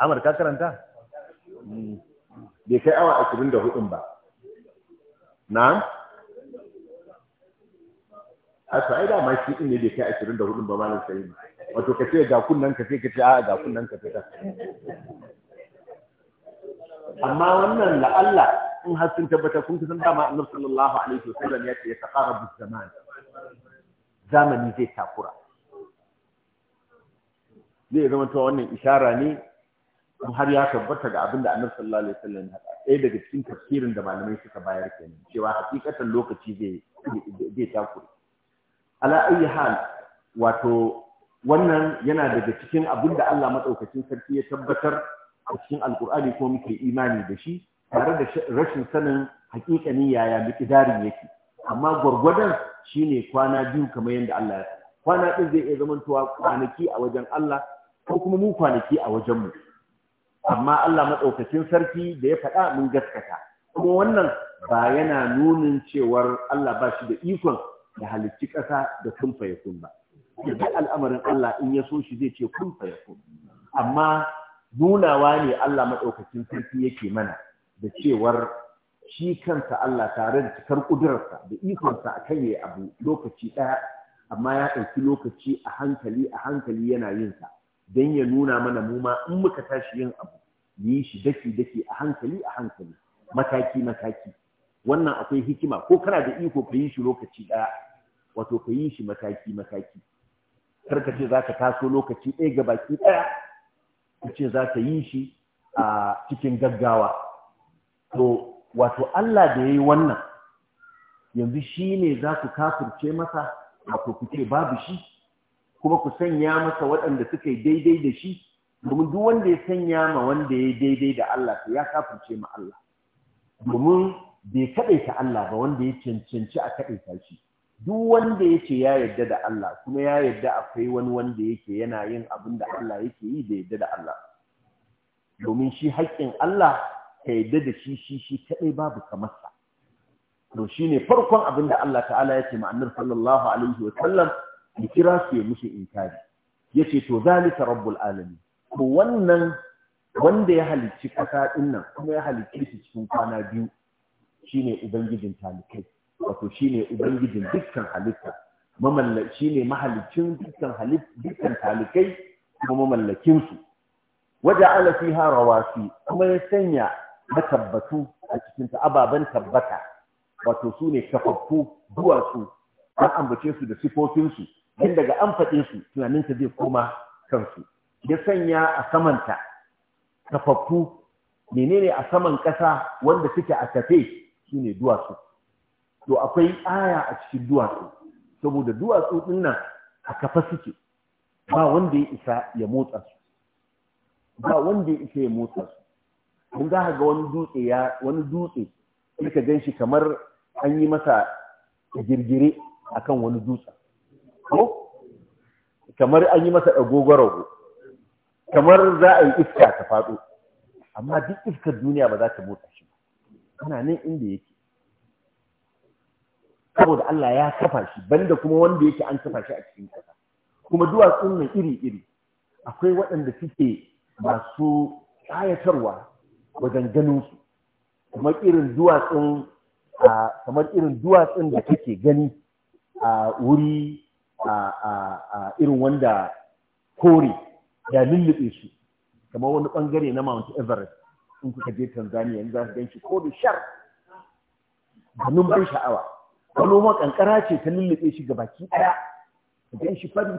Amar ka karanta? Mm. Bai kai awa ashirin da hudun ba. Na? Asu, ai ma shi ne bai kai ashirin da hudun ba malam sayi. Wato ka ce ga kunnan ka ce ka ce a'a ga kunnan ka ce Amma wannan la'alla in har sun tabbata kun kusan dama annabi sallallahu alaihi wasallam ya ce ya taqarabu zaman zamani zai takura zai zama to wannan ishara ne in har ya tabbata ga abin da annabi sallallahu alaihi wasallam ya faɗa ɗaya daga cikin tafsirin da malamai suka bayar kenan cewa hakikatan lokaci zai zai taku ala ayi hal wato wannan yana daga cikin abin da Allah madaukakin sarki ya tabbatar a cikin alkur'ani ko muke imani da shi tare da rashin sanin hakikani yaya miƙidarin yake amma gwargwadon shine kwana biyu kamar yadda Allah ya kwana ɗin zai iya zamantowa kwanaki a wajen Allah ko kuma mu kwanaki a wajen mu amma Allah maɗaukacin sarki da ya faɗa mun gaskata kuma wannan ba yana nunin cewar Allah ba shi da ikon da halicci ƙasa da kun ba duk al'amarin Allah in ya so shi zai ce kun fayakun amma nunawa ne Allah maɗaukacin sarki yake mana da cewar shi kansa Allah tare da cikar ƙudurarsa da ikonsa a kan yayi abu lokaci ɗaya amma ya ɗauki lokaci a hankali a hankali yana yin sa don ya nuna mana mu ma in muka tashi yin abu yi shi daki daki a hankali a hankali mataki mataki wannan akwai hikima ko kana da iko ka yi shi lokaci ɗaya wato ka yi shi mataki mataki kar ka ce za ka taso lokaci ɗaya ga baki ɗaya ka ce za ka yi shi a cikin gaggawa to wato Allah da ya yi wannan yanzu shi ne za ku kafirce masa wato ku ce babu shi kuma ku sanya masa waɗanda suka yi daidai da shi domin duk wanda ya sanya ma wanda ya yi daidai da Allah to ya kafirce ma Allah domin bai kaɗaita Allah ba wanda ya cancanci a kaɗaita shi duk wanda ya ce ya yarda da Allah kuma ya yarda akwai wani wanda yake yana yin abin da Allah yake yi da yarda da Allah domin shi haƙƙin Allah ka yarda da shi shi shi kaɗai babu kamarsa to shine farkon abin da Allah ta'ala ya ce ma annabi sallallahu alaihi wa sallam ya kira su ya mishi inkari ce to zalika rabbul alami. ko wannan wanda ya halicci kasa din kuma ya halicci shi cikin kwana biyu shine ubangijin talikai wato shine ubangijin dukkan halitta mamalla shine mahalicin dukkan halitta dukkan talikai kuma mamallakin su ala fiha rawasi kuma ya sanya matabbatu a cikin ta ababan tabbata wato su ne kafaffu duwatsu an ambace su da sifofinsu don daga an faɗin su tunaninta zai koma kansu ya sanya a samanta kafaffu menene a saman ƙasa wanda suke a tafe su ne duwatsu to akwai aya a cikin duwatsu saboda duwatsu ɗin nan a kafa suke ba wanda ya isa ya motsa su ba wanda ya isa ya motsa su kun za ga wani dutse ya wani dutse sai ka gan shi kamar an yi masa girgire akan wani dutse kamar an yi masa agogo kamar za a yi iska ta faɗo amma duk iskar duniya ba za ta mota shi ana nan inda yake saboda Allah ya kafa shi banda kuma wanda yake an kafa shi a cikin kasa kuma duwatsun nan iri-iri akwai waɗanda suke masu ƙayatarwa wajen ganin su kamar irin duwatsun kamar irin duwatsun da kake gani a wuri a irin wanda kore da lullube su kamar wani bangare na Mount Everest in kuka je Tanzania in za su ganshi ko da shar da ban sha'awa wani ma kankara ce ta lullube shi gabaki daya ka ganshi shi fari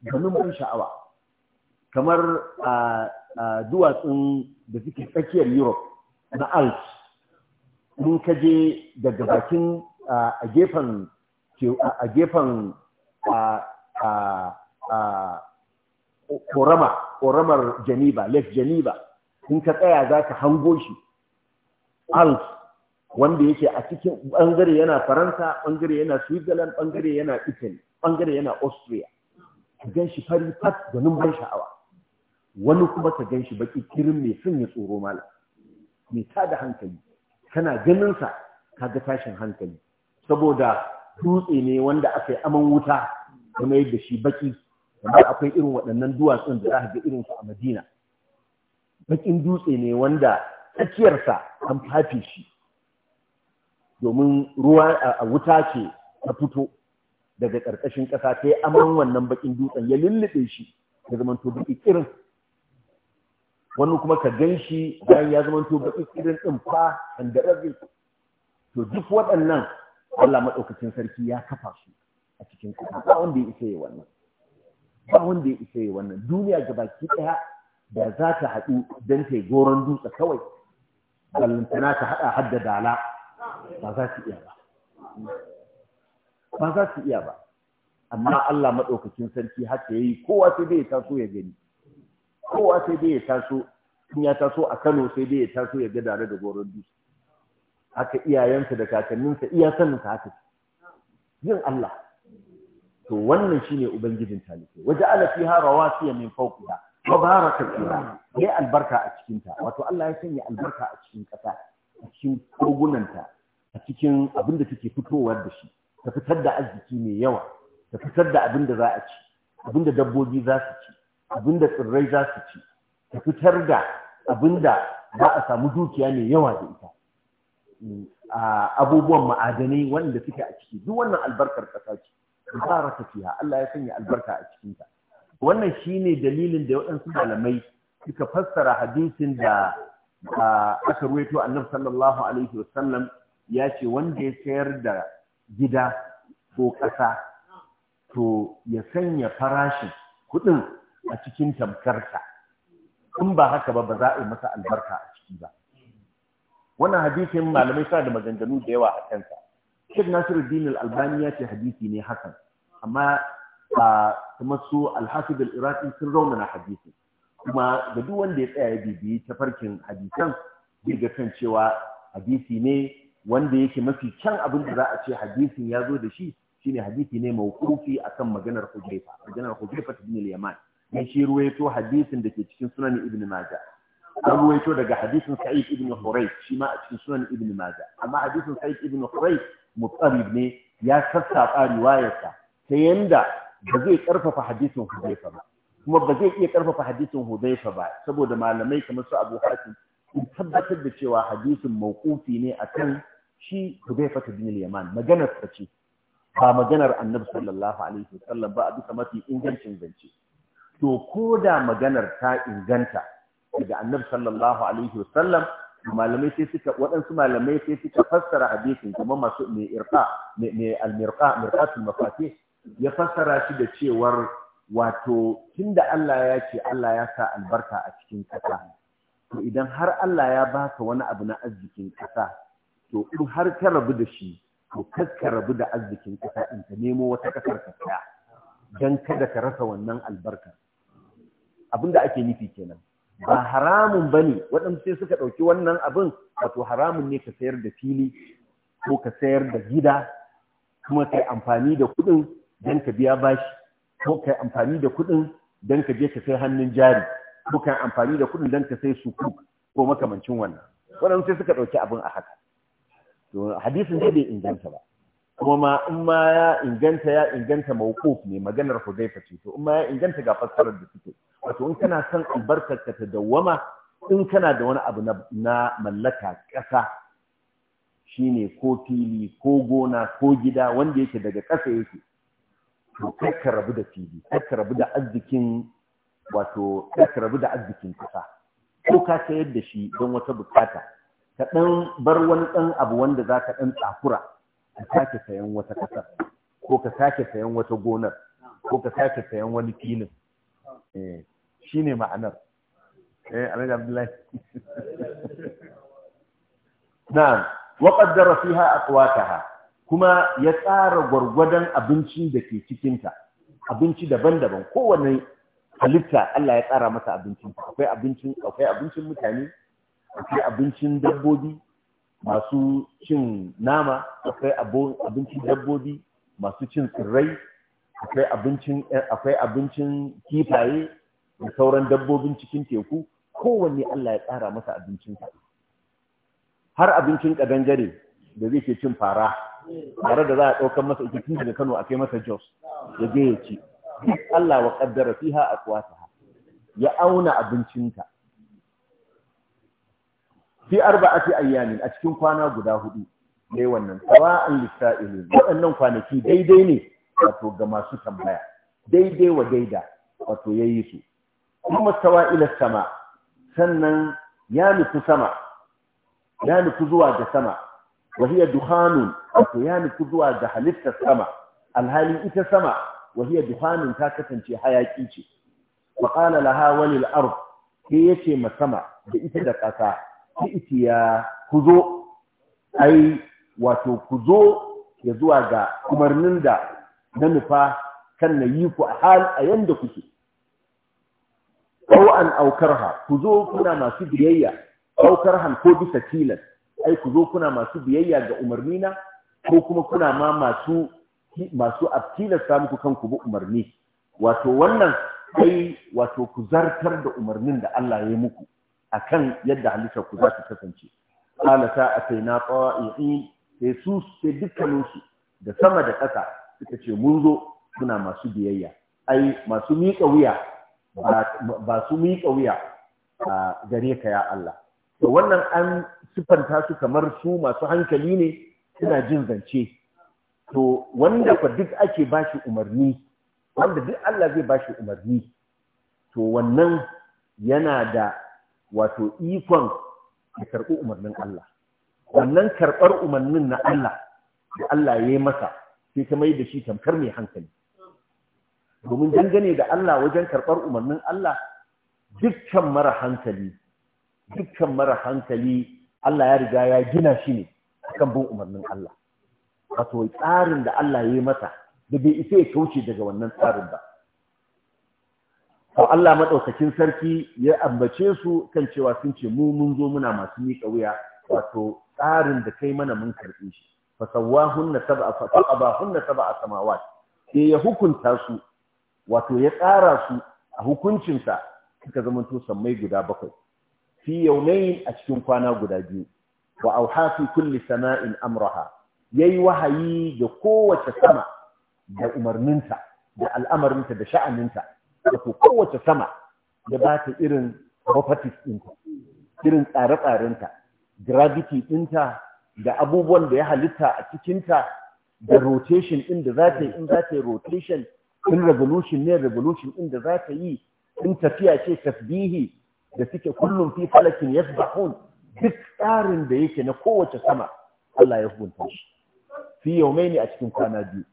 da ban sha'awa kamar duwatsun da suke tsakiyar Europe na Alps in ka je daga bakin a gefen a gefen korama koramar Geneva, lake Geneva, in ka tsaya za ka hango shi alps wanda yake a cikin bangare yana faransa bangare yana switzerland bangare yana italy bangare yana austria ka gan shi fari fat da numban sha'awa wani kuma ka gan shi baki kirin mai sun ya tsoro mala mai da hankali kana ganinsa ka ga tashin hankali saboda dutse ne wanda aka yi aman wuta ya mayar da shi baki kamar akwai irin waɗannan duwatsun da za ga irin su a Madina bakin dutse ne wanda tsakiyarsa an fafe shi domin ruwa a wuta ce ta fito daga ƙarƙashin ƙasa sai yi aman wannan bakin dutsen ya lullube shi ya zamanto baki kirin wani kuma ka gan shi bayan ya zamanto baki kirin ɗin fa da to duk waɗannan Allah maɗaukacin sarki ya kafa su a cikin ƙasa ba wanda ya isa yi wannan ba wanda ya isa yi wannan duniya ga baki ɗaya da za ta haɗu don ta yi goron dutse kawai ballantana ta haɗa hadda dala ba za su iya ba ba za su iya ba amma Allah maɗaukakin sarki haka ya yi kowa sai dai ya taso ya gani kowa sai dai ya taso in ya taso a Kano sai dai ya taso ya ga dare da goron dutse haka iyayensa da kakanninsa iya saninsa haka yin Allah to wannan shine ubangijin talibai waje ala fiha rawasiya min fawqiha wa baraka fiha ya albarka a cikin ta wato Allah ya sanya albarka a cikin kasa a cikin kogunanta a cikin abin da take fitowa da shi ta fitar da arziki mai yawa ta fitar da abin da za a ci abin da dabbobi za su ci abin da tsirrai za su ci ta fitar da abin da za a samu dukiya mai yawa da ita abubuwan ma'adanai wanda suke a ciki duk wannan albarkar ƙasa ce baraka fiha Allah ya sanya albarka a cikin ta wannan shine dalilin da waɗansu malamai suka fassara hadisin da aka ruwaito annabi sallallahu alaihi wasallam ya ce wanda ya sayar da gida ko ƙasa to ya sanya farashin kuɗin a cikin tamkarsa in ba haka ba ba za a yi masa albarka a ciki ba wannan hadisin malamai sa da maganganu da yawa a kansa Sheikh Nasiruddin Al-Albani ya ce hadisi ne hakan amma a kuma su Al-Hafiz Al-Iraqi sun raunana hadisi kuma da duk wanda ya tsaya ya bibiyi tafarkin hadisan zai ga kan cewa hadisi ne wanda yake mafi kyan abin da za a ce hadisin ya zo da shi shine hadisi ne mawqufi akan maganar Hudayfa maganar Hudayfa ibn al-Yaman ne shi ruwaito hadisin da ke cikin sunan Ibn Majah an ruwaito daga hadisin Sa'id ibn Hurayth shi ma a cikin sunan Ibn Majah amma hadisin Sa'id ibn Hurayth mutsarib ne ya sassaɓa riwayarsa ta yanda ba zai ƙarfafa hadisin hudaifa ba kuma ba zai iya ƙarfafa hadisin hudaifa ba saboda malamai kamar su abu hatim sun tabbatar da cewa hadisin mawqufi ne akan shi hudaifa bin yaman maganar ta ce ba maganar annabi sallallahu alaihi ba a duka mafi ingancin zance to ko da maganar ta inganta daga annabi sallallahu alaihi malamai sai suka waɗansu malamai sai suka fassara hadisin kuma masu mai irqa mai almirqa mirqatul mafatih ya fassara shi da cewar wato tunda Allah ya ce Allah ya sa albarka a cikin ƙasa to idan har Allah ya baka wani abu na arzikin ƙasa to in har ka rabu da shi to kar rabu da arzikin ƙasa in ka nemo wata ƙasar ka dan kada ka rasa wannan albarka abinda ake nufi kenan ba haramun ba ne waɗanda sai suka ɗauki wannan abin wato haramun ne ka sayar da fili ko ka sayar da gida kuma kai amfani da kuɗin don ka biya bashi ko kai amfani da kuɗin don ka je ka sai hannun jari ko kai amfani da kuɗin don ka sai suku ko makamancin wannan waɗanda sai suka ɗauki abin a haka to hadisin dai bai inganta ba kuma ma in ma ya inganta ya inganta mawquf ne maganar Hudayfa ce to in ma ya inganta ga fassarar da suke wato in kana son albarkar ka ta dawwama in kana da wani abu na mallaka ƙasa shine ko fili ko gona ko gida wanda yake daga ƙasa yake to ka rabu da fili kakka rabu da arzikin wato kakka rabu da arzikin ƙasa ko ka sayar da shi don wata bukata ka ɗan bar wani ɗan abu wanda za ka ɗan tsakura ka sake sayan wata ƙasar ko ka sake sayan wata gonar ko ka sake sayan wani filin eh, shi ne ma'anar eh alhaji abdullahi na'am wa qaddara fiha aqwataha kuma ya tsara gwargwadon abinci da ke cikinta abinci daban-daban kowanne halitta Allah ya tsara masa abincin akwai abincin akwai abincin mutane akwai abincin dabbobi masu cin nama akwai abincin dabbobi masu cin tsirrai akwai abincin eh, akwai abincin kifaye da sauran dabbobin cikin teku kowanne Allah ya tsara masa abincin sa har abincin kadangare da zai ke cin fara tare da za a ɗaukar masa ita tun daga Kano a kai masa Jos ya je ya ci Allah wa qaddara fiha aqwataha ya auna ka. fi arba'ati ayyamin a cikin kwana guda hudu ne wannan sawa'an lisa'ilin waɗannan kwanaki daidai ne wato ga masu tambaya daidai wa daida wato yayi su kuma sawa'ila sama sannan ya nufi sama ya nufi zuwa ga sama wa hiya duhanun wato ya nufi zuwa ga halittar sama alhali ita sama wa hiya duhanun ta kasance hayaki ce wa qala laha walil ard sai yace ma sama da ita da ƙasa ya ku zo ai wato ku ya zuwa ga umarnin da na nufa kan na yi ku a hal a yanda kuke ko an aukarha ku zo kuna masu biyayya aukarhan ko bisa tilas ai kuzo kuna masu biyayya ga umarnina ko kuma kuna ma masu masu tilasta muku kanku bi umarni wato wannan ai wato ku zartar da umarnin da Allah ya yi muku akan yadda halittar ku za ta kasance qala ta na qa'iin sai su sai dukkaninsu su da sama da ƙasa suka ce mun zo suna masu biyayya ai masu miƙa wuya ba su miƙa wuya a gare ka ya Allah to wannan an sifanta su kamar su masu hankali ne suna jin zance to wanda fa duk ake bashi umarni wanda duk Allah zai ba shi umarni to wannan yana da wato ikon a karɓi umarnin Allah wannan karɓar umarnin na Allah da Allah ya yi masa sai ta mai da shi tamkar mai hankali domin dangane da Allah wajen karɓar umarnin Allah dukkan mara hankali dukkan mara hankali Allah ya riga ya gina shi ne a kan bin umarnin Allah wato tsarin da Allah ya yi masa da bai isa ya kauce daga wannan tsarin ba to Allah madaukakin sarki ya ambace su kan cewa sun ce mu mun zo muna masu miƙa wuya wato tsarin da kai mana mun karɓi shi fasawahunna sab'a fasabahunna sab'a samawat sai ya hukunta su wato ya tsara su a hukuncinsa suka zamanto sammai guda bakwai fi yaunayin a cikin kwana guda biyu wa auha fi kulli sana'in amraha yayi wahayi da kowace sama da umarninta da al'amarinta da sha'aninta wato kowace sama ya ba ta irin properties ɗinta irin tsare-tsarenta gravity ɗinta da abubuwan da ya halitta a cikinta da rotation ɗin da za ta yi in za ta yi rotation in revolution ne revolution ɗin da za ta yi in tafiya ce tasbihi da suke kullum fi falakin yasbahun duk tsarin da yake na kowace sama Allah ya hukunta shi fi ne a cikin kwana biyu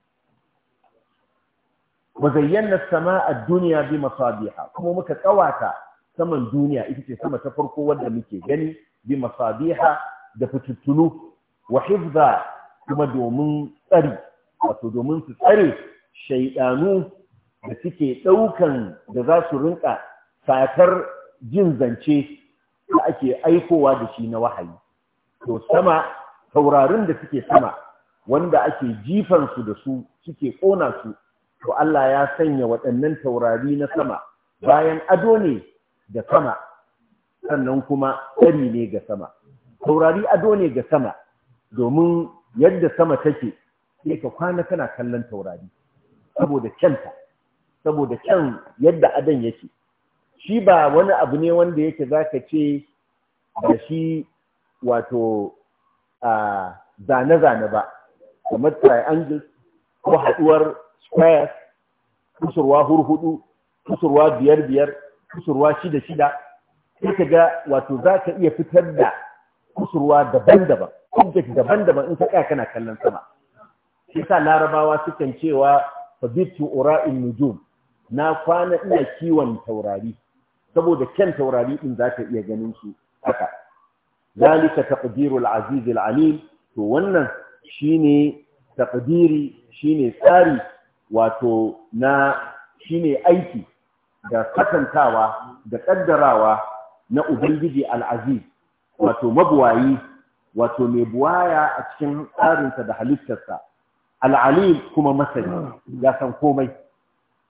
wa zayyana samaa ad bi masabiha kuma muka tsawata saman duniya ita ce sama ta farko wadda muke gani bi masabiha da fituttulu wa hifza kuma domin tsari wato domin su tsare shaidanu da suke ɗaukan da za su rinka satar jin zance da ake aikowa da shi na wahayi to sama taurarin da suke sama wanda ake jifan su da su suke ƙona su to Allah ya sanya waɗannan taurari na sama bayan ado ne ga sama sannan kuma tsari ne ga sama taurari ado ne ga sama domin yadda sama take sai ka kwana kana kallon taurari saboda kyanta saboda kyan yadda adon yake shi ba wani abu ne wanda yake zaka ce da shi wato a zane-zane ba kamar triangles, ko haɗuwar squares kusurwa hurhudu kusurwa biyar biyar kusurwa shida shida sai ka ga wato za ka iya fitar da kusurwa daban-daban object daban-daban in ka tsaya kana kallon sama shi sa larabawa sukan cewa fabitu ura'in nujum na kwana ina kiwon taurari saboda kyan taurari din za ka iya ganin su haka zalika taqdirul aziz al alim to wannan shine taqdiri shine tsari wato na shine aiki da katantawa da kaddarawa na ubangiji al'aziz wato mabuwayi wato mai buwaya a cikin tsarinsa da halittarsa al'alim kuma masani ya san komai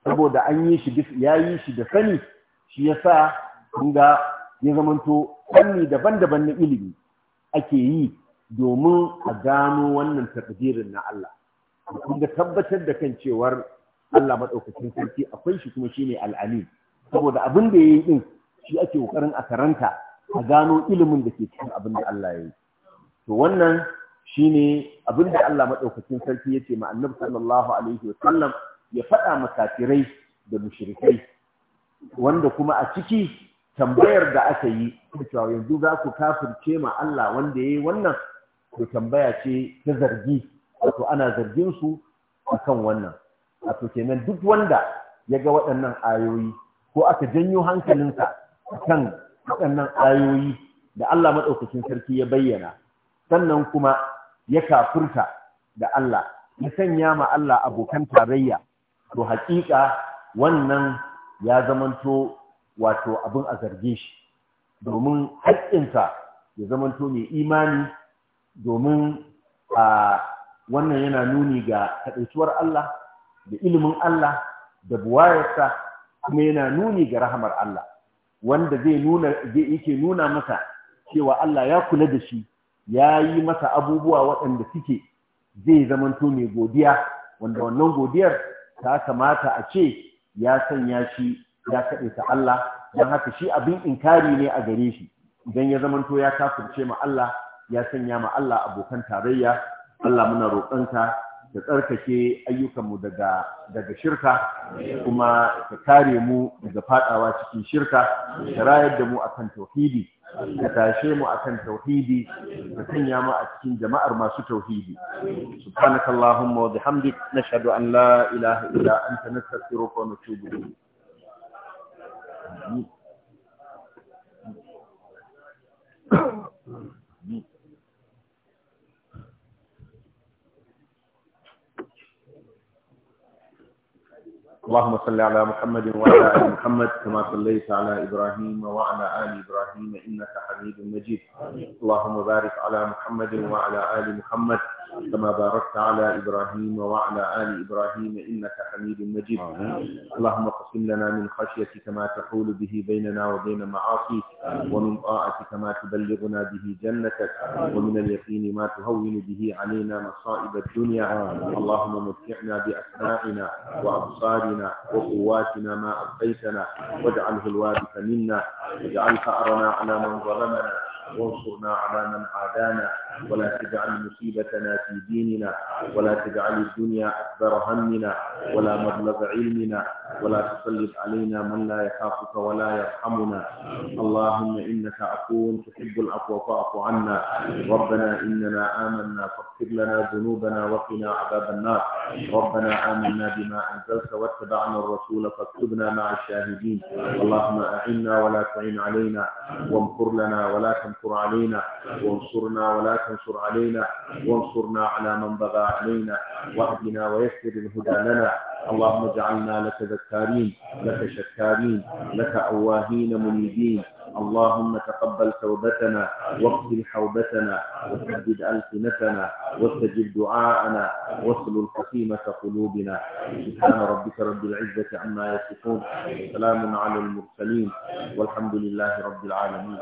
saboda an yi shi ya yi shi da sani shi ya sa ga ya zamanto fanni daban-daban na ilimi ake yi domin a gano wannan takdirin na Allah da tabbatar da kan cewar Allah maɗaukacin sarki akwai shi kuma shine al'alim saboda abin da yayi din shi ake kokarin a karanta a gano ilimin da ke cikin abin da Allah yayi to wannan shine abin da Allah maɗaukacin sarki yace ma Annabi sallallahu alaihi wasallam ya faɗa makafirai da mushrikai wanda kuma a ciki tambayar da aka yi cewa yanzu za ku kafirce ma Allah wanda yayi wannan to tambaya ce ta zargi wato ana zargin su kan wannan wato kenan duk wanda ya ga waɗannan ayoyi ko aka janyo hankalinsa akan waɗannan ayoyi da Allah maɗaukacin sarki ya bayyana sannan kuma ya kafurta da Allah ya sanya ma Allah abokan tarayya to haƙiƙa wannan ya zamanto wato abin a zarge shi domin haƙƙinsa ya zamanto mai imani domin a ah, wannan yana nuni ga kaɗaituwar Allah da ilimin Allah da buwayarsa kuma yana nuni ga rahamar Allah wanda zai nuna zai yake nuna masa cewa Allah ya kula da shi ya yi masa abubuwa waɗanda suke zai zamanto mai godiya wanda wannan godiyar ta kamata a ce ya sanya shi ya kaɗaita Allah don haka shi abin inkari ne a gare shi idan ya zamanto ya kafirce ma Allah ya sanya ma Allah abokan tarayya Allah muna roƙonka ka tsarkake ayyukanmu daga daga shirka kuma ka kare mu daga faɗawa cikin shirka ka rayar da mu akan tauhidi ka tashe mu akan tauhidi ka sanya mu a cikin jama'ar masu tauhidi subhanaka allahumma wa bihamdik nashhadu an la ilaha illa anta nastaghfiruka wa natubu ilayk اللهم صل على محمد وعلى آل محمد كما صليت على إبراهيم وعلى آل إبراهيم إنك حميد مجيد اللهم بارك على محمد وعلى آل محمد كما باركت على إبراهيم وعلى آل إبراهيم إنك حميد مجيد اللهم اقسم لنا من خشيتك ما تحول به بيننا وبين معاصيك ومن طاعتك ما تبلغنا به جنتك ومن اليقين ما تهون به علينا مصائب الدنيا اللهم متعنا بأسماعنا وأبصارنا وقواتنا ما أبقيتنا واجعله الوارث منا واجعل ثأرنا على من ظلمنا وانصرنا على من عادانا ولا تجعل مصيبتنا في ديننا ولا تجعل الدنيا أكبر همنا ولا مبلغ علمنا ولا تسلط علينا من لا يخافك ولا يرحمنا اللهم إنك عفو تحب العفو فاعف عنا ربنا إننا آمنا فاغفر لنا ذنوبنا وقنا عذاب النار ربنا آمنا بما أنزلت واتبعنا الرسول فاكتبنا مع الشاهدين اللهم أعنا ولا تعين علينا وانصر لنا ولا تنصر علينا وانصرنا ولا تنصر علينا وانصرنا على من بغى علينا واهدنا ويسر الهدى لنا اللهم اجعلنا لك ذكارين لك شكارين لك أواهين منيبين اللهم تقبل توبتنا واغفر حوبتنا وسدد ألسنتنا واستجب دعاءنا واسلل الحكيمة قلوبنا سبحان ربك رب العزة عما يصفون سلام على المرسلين والحمد لله رب العالمين